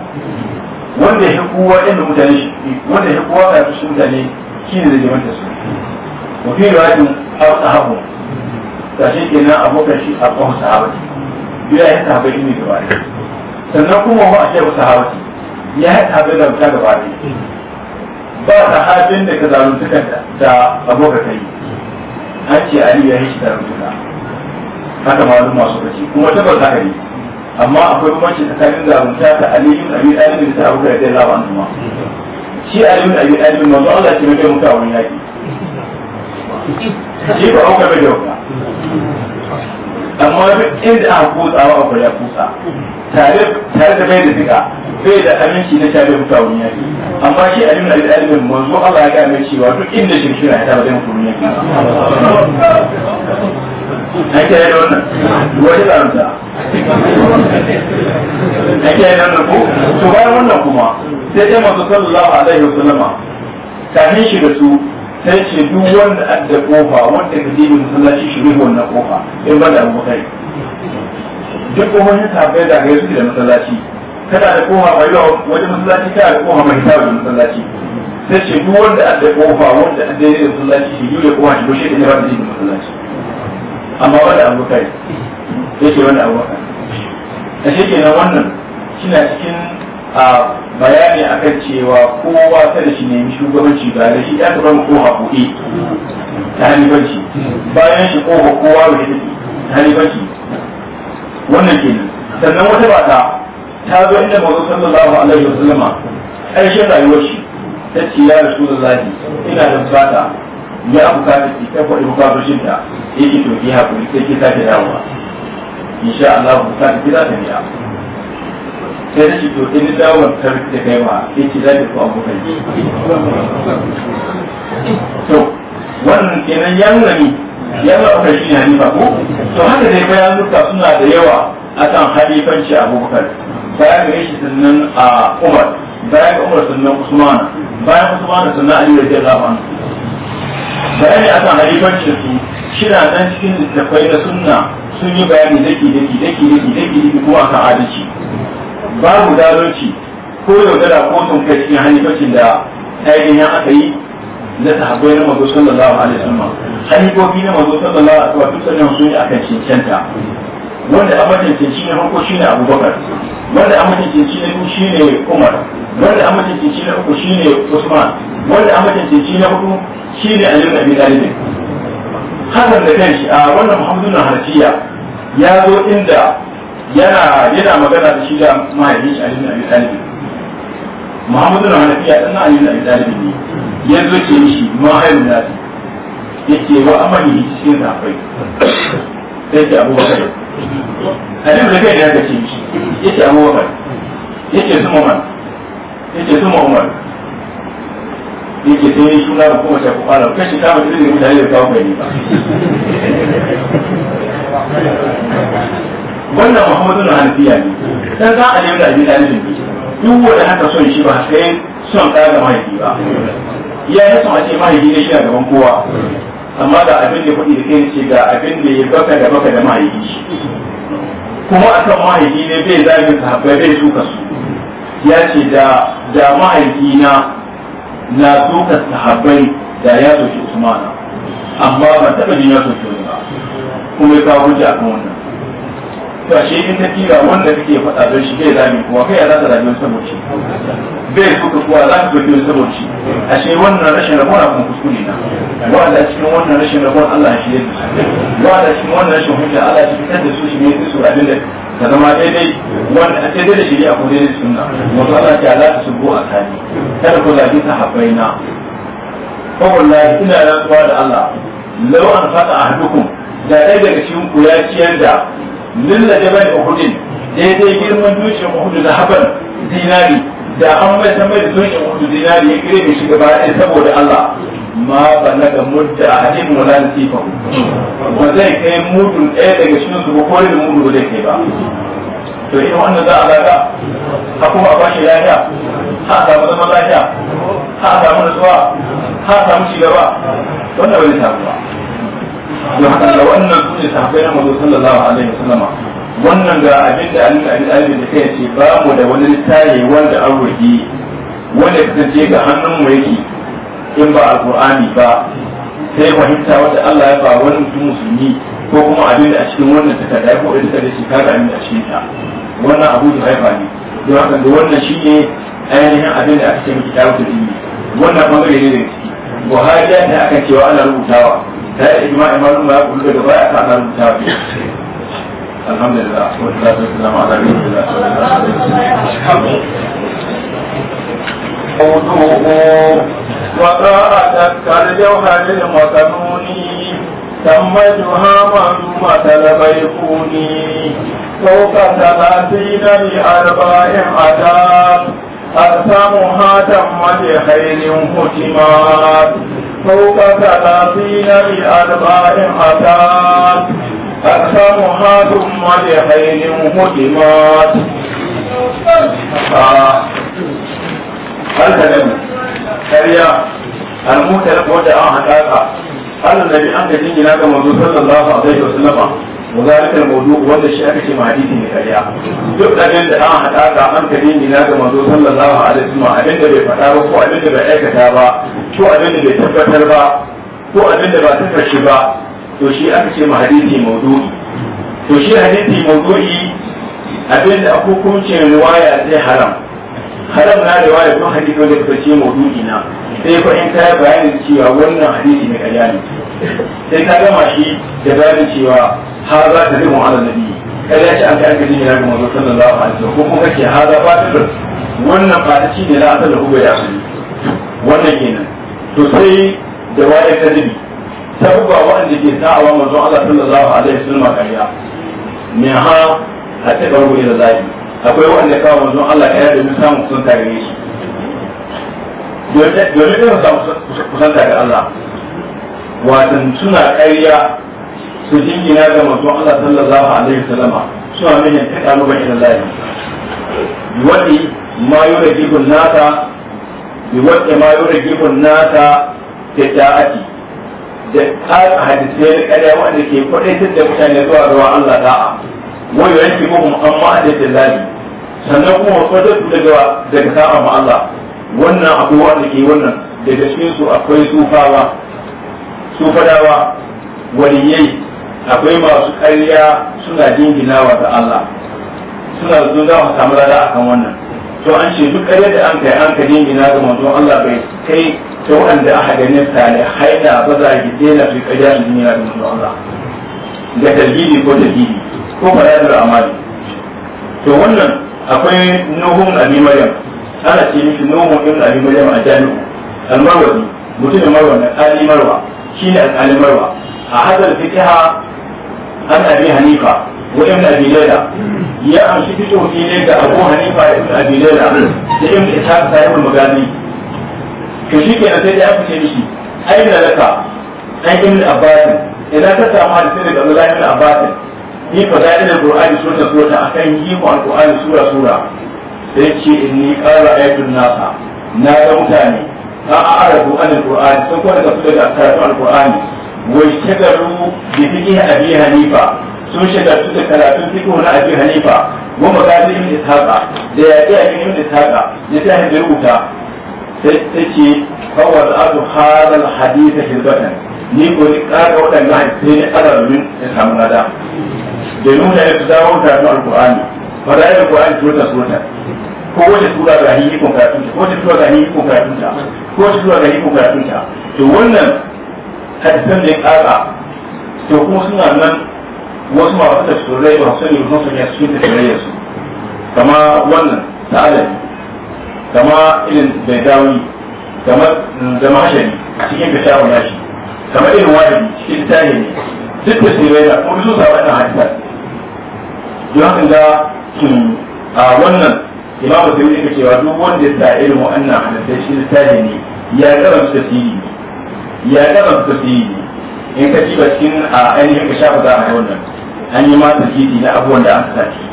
wanda ya kowa inda mutane shi wanda ya kowa ga su mutane shine da jama'a su wa fi rajin sahabu tashi kenan abokan shi a kwan sahabati bila ya sahabai ne da bari sannan kuma ba a ce sahabati ya haɗa abin da wuta gaba ne ba ta hajjin da ka zalunta kanta da aboka kai an ce ali ya hishi zalunta haka ma malum masu kaci kuma tabbata haka ne amma akwai bambanci tsakanin zalunta ta ali ibn abi talib da ta aboka da Allah ba kuma shi ali ibn abi talib manzo Allah ce mai mutuwa wani yaƙi. shi ba auka bai da amma duk inda an kutsawa a kwaya kusa tare da bai da fika bai da aminci na tare mutu a wani yaki amma shi alim na da alimin manzo Allah ya ga mai cewa duk inda shirkira ya taba zai mutu wani yaki an yi da wannan wata karanta an yi da wannan ko to bayan wannan kuma sai dai masu sallallahu alaihi wasallama kamin shi da su sai ce duk wanda an da kofa wanda ka dibi masallaci shi ne wannan kofa in ba da abu kai duk kofofin sahabbai da gaisu da masallaci kada da kofa mai yawa wani masallaci kada da kofa mai tawo da masallaci sai ce duk wanda an da kofa wanda an daidai da masallaci shi duk kofa shi bushe da ba da dibi masallaci amma wanda abu kai yake wanda abu kai a shi kenan wannan shi na cikin a bayani akan cewa kowa da shi nemi shugabanci ba da shi ɗan gaban ko haƙoƙi ta halibanci bayan shi ko kowa da take ta halibanci wannan ke sannan wata bata ta zo inda mazo sallallahu alaihi wasallama ƙarshen rayuwar shi ta ce ya rasu da zafi ina da bukata ya bukata ki ta faɗi bukatoshin ta yake to ki haƙuri sai ki sake dawowa insha Allah bukata ki za ta biya sai da ido in dawon tarbi da kai ma sai ki zaki ko abu kai to wannan kenan yallami yalla ka shi ne ba ko to haka dai bayan duka suna da yawa a kan halifanci abubakar baya ga shi sannan a umar baya ga umar sannan usman bayan usman sannan ali radiyallahu anhu bayani akan halifanci su shida nan cikin littattafai da sunna sun yi bayani daki daki daki daki daki daki ko kan adalci babu dalilci ko yaudara ko sun kai cikin hannun da ainihin aka yi na sahabbai na mazo sallallahu alaihi wasallam hanyoyi na mazo sallallahu alaihi wasallam sannan sun yi akan cancanta wanda a macancanci na farko shine abubakar wanda a shi ne shi ne umar wanda a macancanci na uku ne usman wanda a macancanci na hudu ne ali bin abi talib hakan da kanshi a wannan muhammadu na ya zo inda yana yana magana da shi da mahaifin shi Ali Abi Talib Muhammadu na Hanafi ya dan Ali Abi Talib ne yanzu ke shi mahaifin da yake wa amani cikin zafai sai ke abubakar hadin da kai da yake ce shi yake abubakar yake su Umar yake su Umar yake sai ya shuna da kuma shafi kwana kai shi kama irin mutane da kawo bai ne ba wannan muhammadu na hanafiya ne dan za a nemi da abin dalilin ne duk wanda haka son shi ba sai son ɗaya ga mahaifi ba ya yi son a ce mahaifi ne shi na gaban kowa amma ga abin da kuɗi da kai ce ga abin da ya baka da baka da mahaifi shi kuma a kan mahaifi ne bai zagin sahabbai bai suka su ya ce da da mahaifi na na suka sahabbai da ya soke usmana amma ban taɓa jin ya soke wani ba kuma ya kawo hujja kan wannan to ashe in ta kira wanda kake faɗa don shi bai zami kuma kai ya za ta zami wani bai so ka kuwa za ka gwaje wani saboda ashe wannan rashin rabon a kuma kuskure na wanda cikin wannan rashin rabon Allah shi ya su wanda cikin wannan rashin hujja Allah shi fitar da su shi ne su abin da ka zama daidai wanda a daidai da shari'a ko daidai sunna wato Allah ta ala ta subo a tsari kada ku zagi ta habbai na ko wallahi ina rantsuwa da Allah lau an fata a hadukun da ɗaya daga cikin ku ya ciyar da lilla jabal uhudin daidai girman dutsen uhudu da haban zinari da an mai san mai dutsen uhudu zinari ya kire shi gaba ɗaya saboda Allah ma balaga mudda hadin wala tifa ba zai kai mudun ɗaya daga cikin su ba ko da mudu da ke ba to ita wannan za a lafiya a kuma a bashi lafiya ha a samu zaman lafiya ha a samu nutsuwa ha a samu cigaba wannan bai samu ba to da wannan su ne sahabbai na manzo sallallahu alaihi wasallama wannan ga abin da Ali Ali Ali da kai ce ba mu da wani littafi wanda an roki wanda kasance ga hannun mu yake in ba alqur'ani ba sai fahimta wanda Allah ya ba wani mutum musulmi ko kuma abin da a cikin wannan takarda ko da take shi kaga abin da a cikin ta wannan abu da haifa ne don haka da wannan shine ainihin abin da aka ce miki tawo da ilimi wannan bangare ne da ciki Buhari da aka cewa ana rubutawa ta yi a imanu ma ya kuma gaba ya kana mu ta bi alhamdulillah wa sallallahu alaihi wa sallam ala nabiyyina muhammad wa ta ta kan da hadin matanuni tammaju hamadu matalabai a فوق ثلاثين لأربع عذاب أقسامها تمت خير فوق ثلاثين بأرباع حتات أكثرها ثم لحين هدمات الكلام كريا الموتى وجاء حقائق قال النبي أنت تجي لك موضوع صلى الله عليه وسلم وذلك الموضوع ولا شيء أكشي مع ديتي كريا يبقى أن أن حقائق أنت تجي لك موضوع صلى الله عليه وسلم أبنت بفتاة وأبنت بأيك تابا ko abin da bai tabbatar ba ko abin da ba tabbace ba to shi aka ce ma hadisi maudu'i to shi hadisi maudu'i abin da hukuncin riwaya zai haram haram na riwaya kuma hadisi wanda ka ce maudu'i na sai ko in ta bayani cewa wannan hadisi ne ƙarya ne sai ta gama shi da bayani cewa har za ta zama ala nabi kada ce an kai an jini na ga manzo sallallahu alaihi wasallam ko kuma kace hada ba ta wannan fata ci ne la asala huwa ya wannan kenan to sai da wayar kadibi sabba wanda ke sa'awa manzon Allah sallallahu alaihi wasallam kariya me ha hatta da ruwa da zabi akwai wanda kawo manzon Allah kariya da mun samu kusan tare shi domin da samu kusan tare Allah watan suna kariya su jingina ga manzon Allah sallallahu alaihi wasallama suna mai ta kalu ba ila lahi wani ma yura jibun nata bi ما ma yau da girman nasa ta ta'ati da ƙara hadisai da ƙarya دواء ke kwaɗaitar da mutane zuwa zuwa Allah ta'a wai yanki ko amma da sannan kuma daga Allah wannan abu wanda ke wannan daga su akwai sufawa sufadawa waliyai akwai masu ƙarya suna jinginawa da Allah suna zuwa samu rada akan wannan to an ce duk ƙarya da an kai an ka nemi na ga manzon Allah bai kai ta waɗanda aka ganin Sale na ba za a gide na su ƙarya su nemi ga manzon Allah da dalili ko dalili ko fara'idar amali to wannan akwai nuhun abi maryam ana ce mishi nuhun ibn abi maryam a jami'u al-marwazi mutumin marwa na ali marwa shine al marwa a hadal fiqha an abi hanifa وابن ابي ليلى يا امشي في توفيق ابو حنيفه ابن ابي ليلى da ibn ishaq sahib al-magazi to shi ke sai da aka ce mishi ai da laka ai ibn abbas idan ka samu hadisi daga Allah ibn abbas ni fa da ina qur'ani sura sura akan yi al-qur'ani sura sura sai ce inni qara ayatul nasa na ga mutane ka arabu an al-qur'ani kuma daga al-qur'ani wa ishtagalu bi abi hanifa sun shagartu da karatun fiqh na abin Hanifa wa magazin Ibn ishaƙa da ya ga yin ishaƙa ya ta hin rubuta sai ce kawar azu hadal hadita hirbatan ni ko ni kaga waɗanda hadisi ne kada min ya samu nada da nuna ya dawo da Al-Qur'ani fara da Qur'ani sura sura ko wace sura ga hini ko karatun ko wace tura ga hini ko karatun ko wace tura ga hini ko karatun to wannan hadisan da ya kara to kuma suna nan wasu masu turai ba su ne su sanya cikin tafsirai su kama wannan ta alabi kama irin bai dawi kama zama hashari a cikin ka sha wanda shi kama irin wani cikin tahi ne duk da su tafsirai da kuma su sa wannan hadisa don haka ga hmm, a wannan imamu sai yake cewa duk wanda ta irin wannan hadisai shi tahi ne ya karanta tafsiri ya karanta tafsiri in ka ci cikin a ainihin ka shafa za a wannan an yi masa titi na abubuwan da aka sace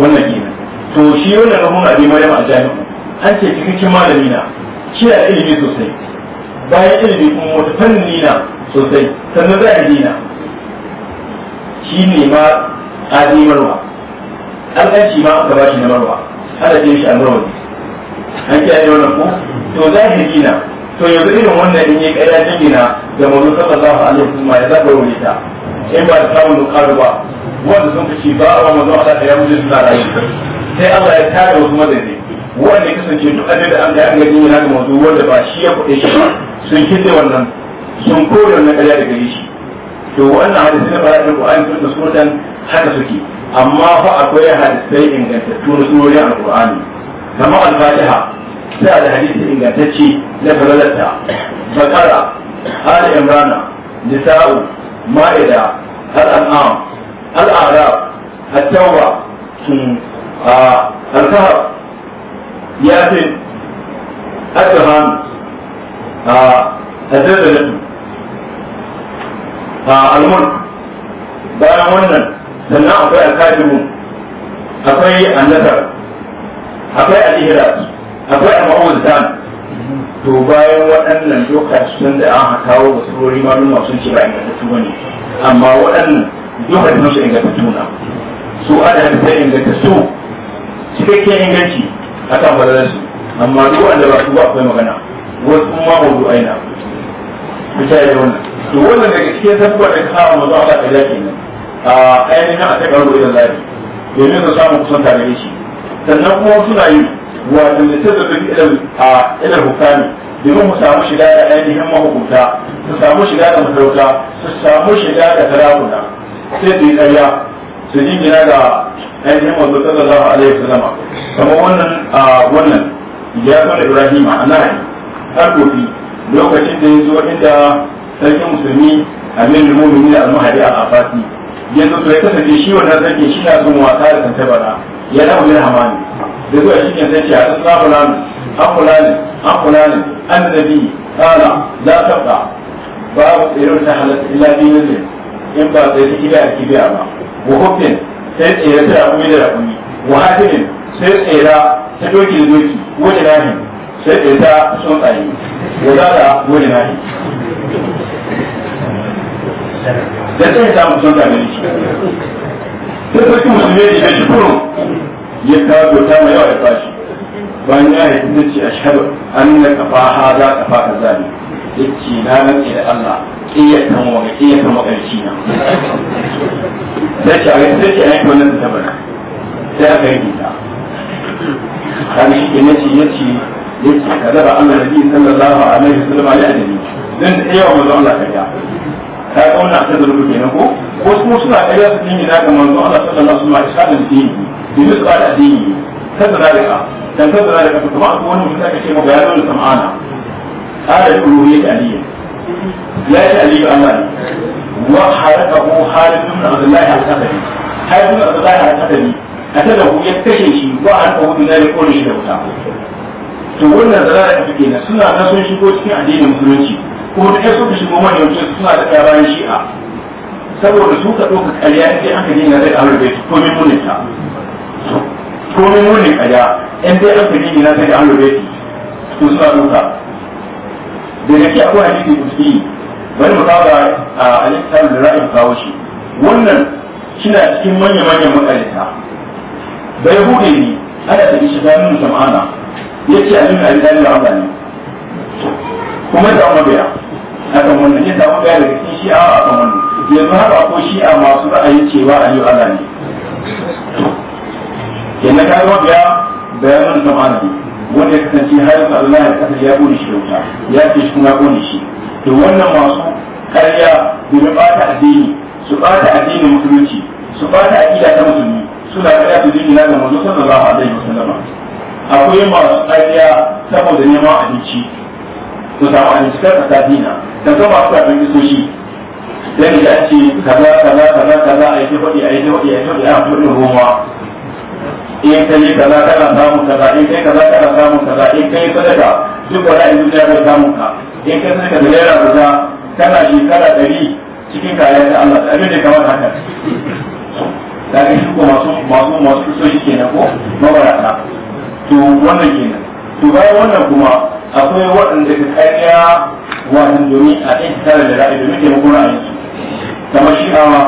wannan kenan to shi wannan abun abin maryam a jami'u an ce cikakken malami na shi da ilimi sosai bayan ilimi kuma wata fannin na sosai sannan za a dina shi ne ma adi marwa alƙanci ma aka ba shi na marwa ana ce shi a marwa an an kiyaye wannan ko to za a dina to yanzu irin wannan in yi ƙarya jingina da mazu sallallahu alaihi wasallam ya zaɓa wani ta sai ba da samun nukaru ba wanda sun kace ba a manzon Allah da ya mutu da rayu sai Allah ya tada wasu madadi wanda ya kasance duk da an ga an gani yana da mazu wanda ba shi ya kuɗe shi sun kitse wannan sun kore wannan ƙarya daga shi to wannan hadisi na bayan alƙur'ani sun da suratan haka suke amma fa akwai hadisai ingantattu na surorin alƙur'ani kamar al-fatiha sai da hadisi ingantacce na falalarta bakara ali imrana nisa'u مائدة الأنعام الأعراف التوبة الكهف ياسين الدهان a الملك bayan wannan sannan akwai alkajiru akwai annasar akwai al'ihirat akwai al-ma'udan to bayan waɗannan duka sun da an kawo ba surori maluma sun ce ba ingantattu ba ne amma waɗannan duka da su ingantattu na su ana da ta ingantattu cikakken inganci a kan fadalar su amma duk wanda ba su ba akwai magana wasu ma hudu aina misali wannan to wannan daga cikin sabba da kawo mazu a ƙasa da kenan a ainihin a ta karo idan lafi domin su samu kusanta da shi sannan kuma suna yi wato da sai zafi ilal a ilal hukami domin mu samu shiga da ainihin mahukunta su samu shiga da masarauta su samu shiga da sarakuna sai su yi ƙarya su jingina da ainihin wanzu sallallahu alaihi wasallama kamar wannan a wannan ya zo da ibrahim a nan har kofi lokacin da ya zo inda sarkin musulmi amin da ne da almahadi a afati yanzu to ya kasance shi wannan sarki shi na son wasa da tantabara ya dawo da hamani da zuwa shi ke sai ce a tsaka ne an fulani an fulani annabi kala la tabba babu tsere ta halatta illa dinin ne in ba sai ta a kibiya ba wa hukumin sai tsere ta rakumi da rakumi wa hatimin sai tsera ta doki da doki wani nahi sai tsere ta sun tsaye wa zada wani nahi da tsaye ta mutum da mai shi sai sarki musulmi ne da shi kurun ya kawo kyauta mai yawa ya bashi bayan ya yi ta ce ashhadu anna kafa hada kafa kazali yace na rantsi da Allah mu kiyatan wa kiyatan magarci na sai ce a ga sai ce ai wannan ta bana sai aka yi ta kan shi ne ce yace yace kaza ba Allah da nabi sallallahu alaihi wasallam ya adabi dan yawa manzo Allah ka ya ka kauna ta zurfi kenan ko ko suna ɗaya su ne na ga manzo Allah sallallahu alaihi wasallam ya adabi bi qala adini kaza zalika dan kaza zalika to kuma akwai wani mutum aka ce ma bayanin sam'ana qala al-uluhiyyah aliyya ya ce aliyu Allah ne wa na Khalid ibn Abdullah al-Qadari Khalid ibn Abdullah al-Qadari atadahu ya kashe shi wa an kawo na ne kore shi da wuta to wannan zarara da take na suna na sun shigo cikin addinin musulunci kuma duk suka shigo mana yanzu suna da bayan shi'a saboda su ka ɗauka ƙarya in an ka dina zai aure bai komai muninta komai wani kaya in dai an kaji na sai da an lobe shi su suna duka da yake akwai hadisi kuski bari mu kawo a alifar da ra'ayin kawo shi wannan shina cikin manya-manyan makarita bai hude ni. ana da shi ga nuna sam'ana ya ce a nuna alifar da amfani kuma da mabiya akan wannan ya samu gaya daga cikin shi'a akan wannan yanzu haka ko shi'a masu ra'ayin cewa aliyu Allah ne kenan ka ga ya bayanan da ma'ana wanda ya kasance har Allah ya kasance ya gode shi da wuta ya ce shi kuma gode shi to wannan masu karya domin bata addini su bata addini musulunci su bata aqida ta musulmi suna karya addini na da manzo sallallahu alaihi wasallam akwai masu karya saboda neman abinci su samu abinci kar ta dina da kuma su karɓar kisoshi dan da ce kaza kaza kaza kaza a yi ta faɗi a yi ta faɗi a yi ta faɗi a yi ta faɗi in ka yi kaza kana samun kaza in kai kaza kana samun kaza in kai sadaka duk wani in zuciya bai samun ka in kai sadaka da naira guda kana shekara ɗari cikin kayan da Allah abin da kamar haka da ga shi ko masu masu masu kusoshi kenan ko mabarata to wannan kenan to bayan wannan kuma akwai waɗanda ka kariya wajen domin a ɗin tare da ra'ayi domin taimakon ra'ayinsu kamar shi'awa ah,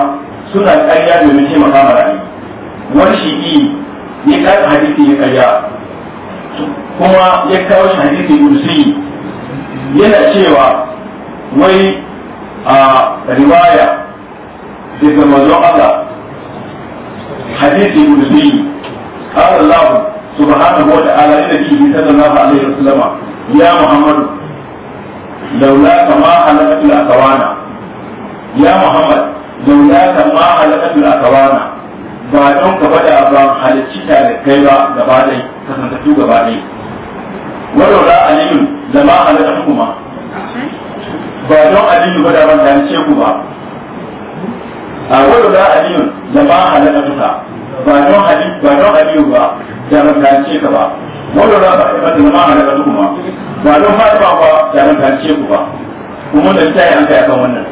suna kariya domin taimaka ma ra'ayi wani shi'i ya kawo hadisi ya kaya kuma ya kawo shi hadisi kursi yana cewa wai a riwaya daga manzon Allah hadisi kursi قال الله سبحانه وتعالى لنبيه صلى الله عليه وسلم يا محمد لولاك ما هلكت الأكوان يا محمد لولاك ما هلكت الأكوان ba don ka bada ba halicci ta da kai ba gaba dai kasantattu gaba dai walau da aliyu lama halatta kuma ba don aliyu ba da ban halice ku ba a walau da aliyu lama halatta tuka ba don aliyu ba don aliyu ba da ban halice ka ba walau da ba ba ma halatta kuma ba don fatima ba da ban halice ku ba kuma da ta yi an kai wannan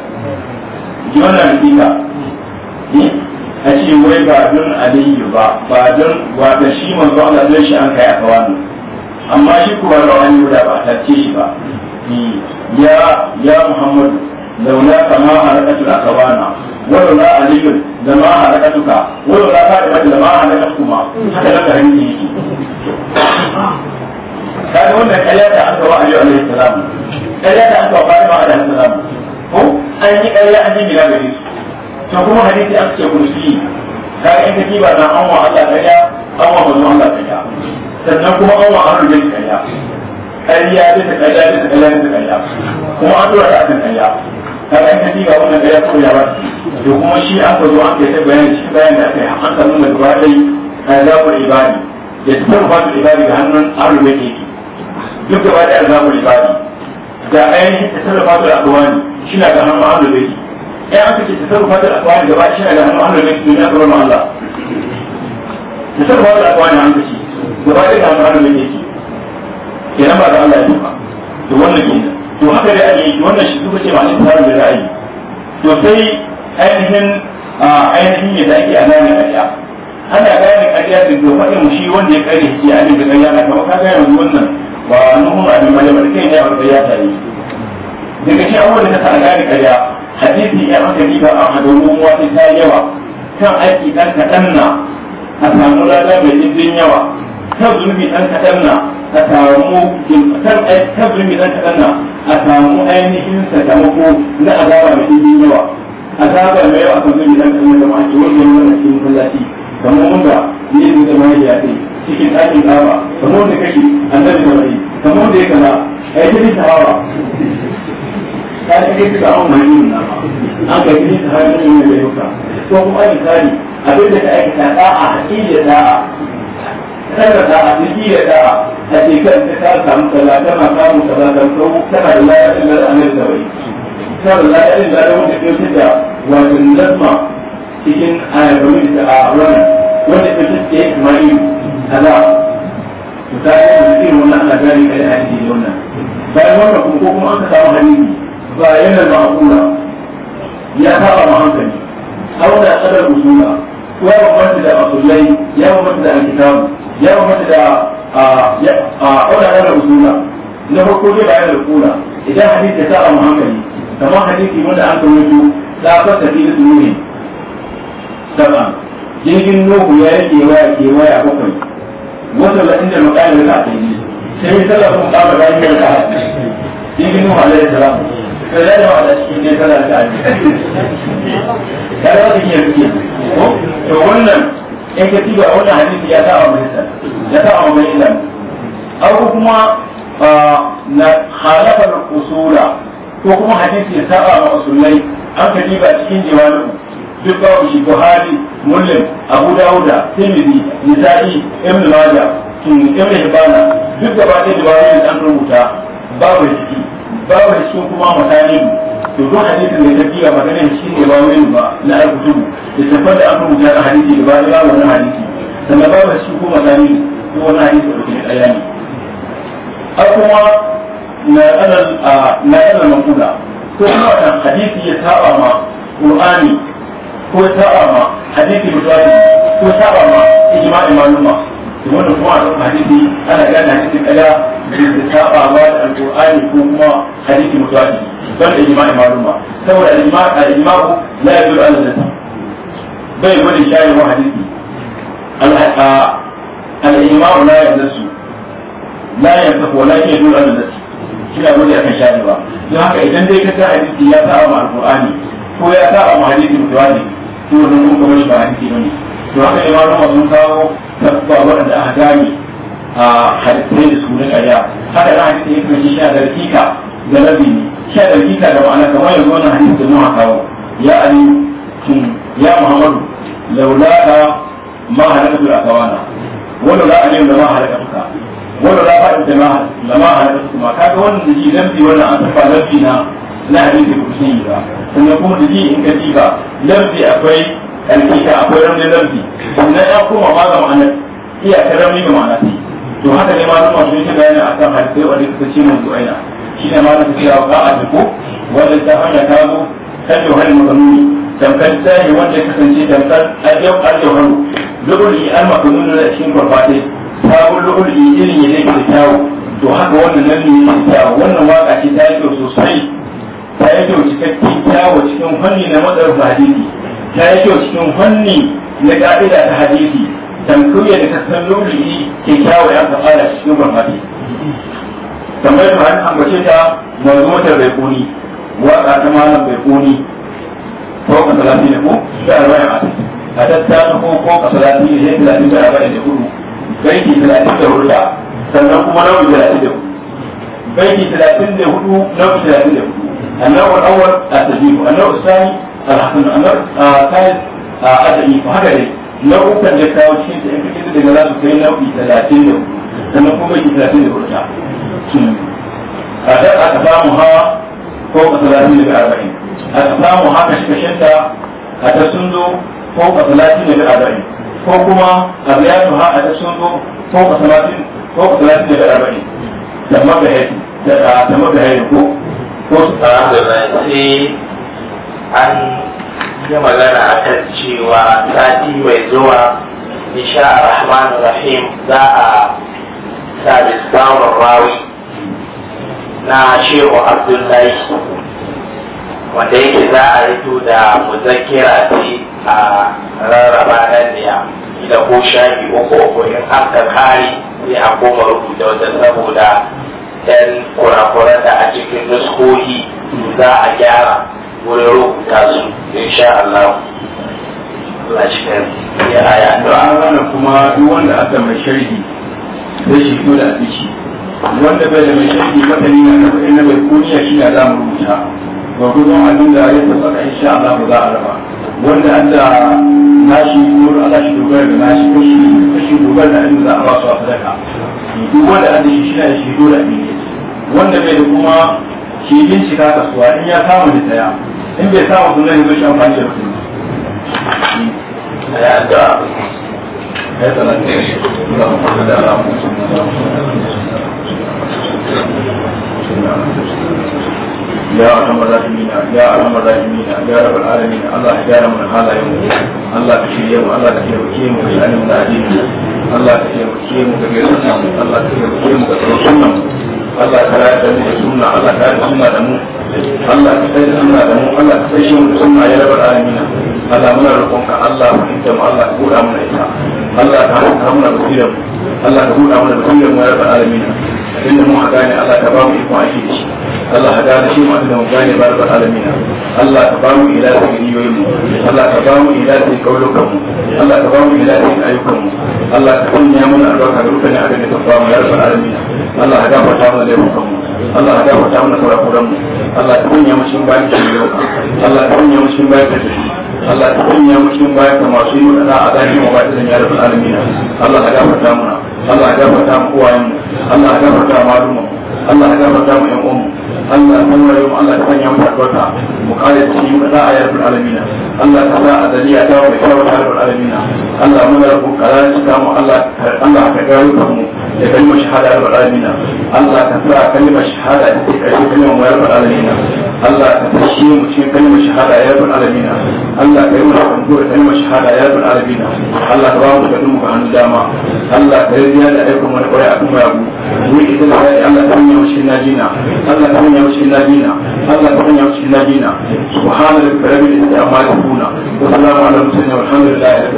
ji wannan da a ce wai ba don aliyu ba ba don wata shi manzo Allah don shi an kai a kawani amma shi kuwa da wani da ba ta ce shi ba ya ya Muhammadu launa kama harakatu a kawana a aliyu da ma harakatuka walaula fadima da ma harakatukuma haka da ka hanci yake kaga wannan kariya da an kawo aliyu alaihi salam kariya da an kawo fadima alaihi salamu ko an yi kariya an yi milagari su to kuma hadisi aka ce kursi ka ga in kake ba dan an wa Allah kariya an wa manzo Allah kariya sannan kuma an wa ahlul bayt kariya kariya da ta kariya da ta kariya da kariya kuma an dora ta kariya ka ga in kake ba wannan kariya ko ya ba to kuma shi an ka zo an kai ta bayani shi bayan da kai an ka nuna gaba dai azabul ibadi da tsarfatul ibadi ga hannun ahlul bayt duk da gaba da azabul ibadi da ainihin tsarfatul adwani shi na ga hannun ahlul bayt ya aka ce tasarrufa da akwai gaba shi da hannu hannu ne duniya kuma ma Allah tasarrufa da akwai hannu shi gaba da hannu hannu ne yake ba da Allah ya duka to wannan kenan to haka da ake yi wannan shi suka ce ma tsarin da ra'ayi to sai ainihin ainihin yadda ake a nan ƙarya ana gane ƙarya da to faɗin shi wanda ya ƙarya shi a ne da ƙarya na kamar ka gane yanzu wannan ba nuhun abin malamar kai ne a wata ya tare daga shi abubuwan da ta sa gane ƙarya hadisi ya aka riba a madogon wata ta yawa kan aiki ɗan kaɗan na a samu lada mai ɗimbin yawa kan zunubi ɗan kaɗan na a samu kan zunubi ɗan kaɗan na a samu ainihin sakamako na azaba mai ɗimbin yawa azaba mai yawa kan zunubi ɗan kaɗan da ma'aji wanda ya wani cikin masallaci kamar wanda ne zai zama ya ce cikin ɗakin kaba kamar wanda kashe annabi da kamar wanda ya kaza a yi ta hawa ta yi kai samun mani na ba an ga gini ta har yin da yuka ko kuma misali abin da ta aikata da'a hakiyya da'a sarra da'a hakiyya da'a a shekarar ta ta samu sallah tana samun sallah ta kawo tana da lafiyar da amir da bai tana da lafiyar da da wanda ke da wajen lasma cikin ayyabamin da a ranar wanda ke cikin ya ismailu ta yi da mutum wannan ana gani kai a cikin wannan bayan wannan kuma ko kuma an ka samu hadisi ba yana ma'amura ya saba ma hankali auna kadar usula ya bambanta da asulai ya bambanta da alkitabu ya bambanta da auna kadar usula na farko zai bayar da kula idan hadisi ya saba ma hankali kamar hadisi wanda an kawo da ka tafi da tsuri daban jirgin nuhu ya yi kewaya kewaya bakwai wasu da inda makalar da ta yi sai sallar kuma kama da yin jirgin nuhu alaihi salam kada da wanda cikin ne kana da kada wanda ke rike ko to wannan in ka tiba wannan hadisi ya ta wa mai ya sa wa mai nan kuma na halafa usula ko kuma hadisi ya saba wa usulai an ka tiba cikin jawabin duk babu shi Buhari Muslim Abu Dawuda Tirmidhi Nisa'i Ibn Majah Ibn Hibana duk gaba ɗaya da bayan an rubuta babu ciki babu da shi kuma mutane to duk hadisi mai ya tafiya maganar shi ne ba wani ba na alkutubu da tafar da aka rubuta da hadisi da ba da babu wani hadisi sannan babu da shi kuma mutane to wani hadisi da ke ɗaya ne a kuma na alal na alal makuda ko kuma wannan hadisi ya saba ma qur'ani ko saba ma hadisi mutawattir ko saba ma ijma'in maluma wannan kuma a hadisi ana gana cikin ɗaya da ya saba ba da alƙur'ani ko kuma hadisi mutawadi ban da ijma'i ba saboda al-ijma'u la yadullu ala nasa bai gwada shayin wa hadisi al-ijma'u la yadullu la yadullu wa la yadullu ala nasa kina gwada akan shayin ba don haka idan dai ka sa hadisi ya saba ma alƙur'ani ko ya saba ma hadisi mutawadi to wannan kuma shi ba hadisi bane to haka ne ma sun kawo tabba waɗanda aka gane a halittai da su na ƙarya haka na hadisi ya kashe sha dalkika da rabi ne sha dalkika da ma'ana kamar yanzu wannan hadisi da muka kawo ya ali hmm, ya muhammadu laula ka ma halakatu da akawana wani la aliyu da ma halakatuka wani la fa'in da ma halakatuka ma kaga wannan da ji lamfi wannan an tafa lamfi na na hadisi ba ku sun yi ba sannan kuma da ji in ka ji ba lamfi akwai alƙisha akwai ramin rafi sannan ya koma ma ga ma'ana iyakar rami ga ma'ana ce to haka ne masu yin shiga yana akan hadisai wanda suka ce mun su'aina shi ne cewa ba a duku wanda ta hanya ta zo kan yohani makanuni tamkar wanda ya kasance tamkar ajiyar hannu an da sabon irin ke kyawu to haka wannan nan ne ya kyawu wannan waka ce ta yi kyau sosai ta yi kyau cikakken kyawu cikin fanni na matsalar hadisi ta yi kyau cikin fanni na ka'ida ta hadisi tamkuriya da kasan lulluyi ke kyawa ya fara cikin gurmati kamar da an ambace ta mazumatar bai kuni waka ta malam bai kuni ko ka salati ne ko da arba'in a a tattara ko ko ka salati ne ya talatin da arba'in da hudu baiti talatin da hudu sannan kuma nau'i talatin da hudu baiti talatin da hudu nau'i talatin da hudu annabi al'awwal a tajibu annabi sani alhassan amar kayan ko haka ne nau'ukan da kawo cikin ta daga za su kai nau'i talatin da kuma yi talatin da aka samu hawa ko ka talatin daga arba'in aka samu haka a ta sun zo ko ka talatin daga arba'in ko kuma a ha a ta sun zo ko ka talatin ko ka talatin daga arba'in da da ko ko su da an yi magana a kan cewa sati mai zuwa insha rahman rahim za a sa discount rawi na shehu abdullahi wanda yake za a rito da muzakira ce a rarraba nan da ko shafi uku ko in aka kare sai a koma rubuta wata saboda 'yan kurakuran da a cikin nuskohi za a gyara Wani rubuta su insha Allah Allah shi ya aya da rana kuma duk wanda aka mai sharhi sai shi dole a fici wanda bai da mai sharhi matani na da inda bai kuniya shi da za mu rubuta ba ku gudun abin da ya tabbata insha Allah ba za a raba wanda da nashi nur Allah shi dogara da nashi ko shi shi dogara da inda za a ba su a sadaka duk wanda da shi shi na shi dole a wanda bai da kuma shi bincika kasuwa in ya samu da taya in bai sa wasu zai zai shan fashe su a ya mu da allah ka Allah ta rayar da mu da sunna Allah ta rayar sunna da mu Allah ta sai sunna da mu Allah ta sai shi mu sunna ya rabar alamina Allah muna roƙonka Allah mu hinta mu Allah ta goda mana ita Allah ta hanta muna basira mu Allah ka goda mana basira mu ya rabar alamina inda mu hada ne Allah ta ba mu ikon aiki da shi Allah ka gane shi wanda mu ba da alamin Allah ka bamu ila da riyoyin mu Allah ka bamu ila da kaulukan mu Allah ka bamu ila da ayyukan mu Allah ka sanya mana albarka da rukuni a da ka bamu ya rabbal alamin Allah ka gafarta mana da mu Allah ka gafarta mana kurakuran Allah ka sanya mu cikin bayan da Allah ka sanya mu cikin bayan da Allah ka sanya mu cikin bayan ba da Allah Allah Allah Allah ya san Allah sanya albarka mu kare mu da ayar bil Allah ta sa adaliya ta Allah mu ta mu Allah Allah ka mu da kalmar shahada bil Allah sa kalmar shahada ta ce kai kalmar bil Allah tashi mu kalmar shahada bil Allah yi mu kalmar shahada bil Allah ba mu da mu dama Allah yi da wani kwarai a kuma yabu mu idan Allah ta mu shi najina Allah sanya mu cikin ladina Allah ka sanya mu cikin ladina subhanallahi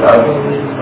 rabbil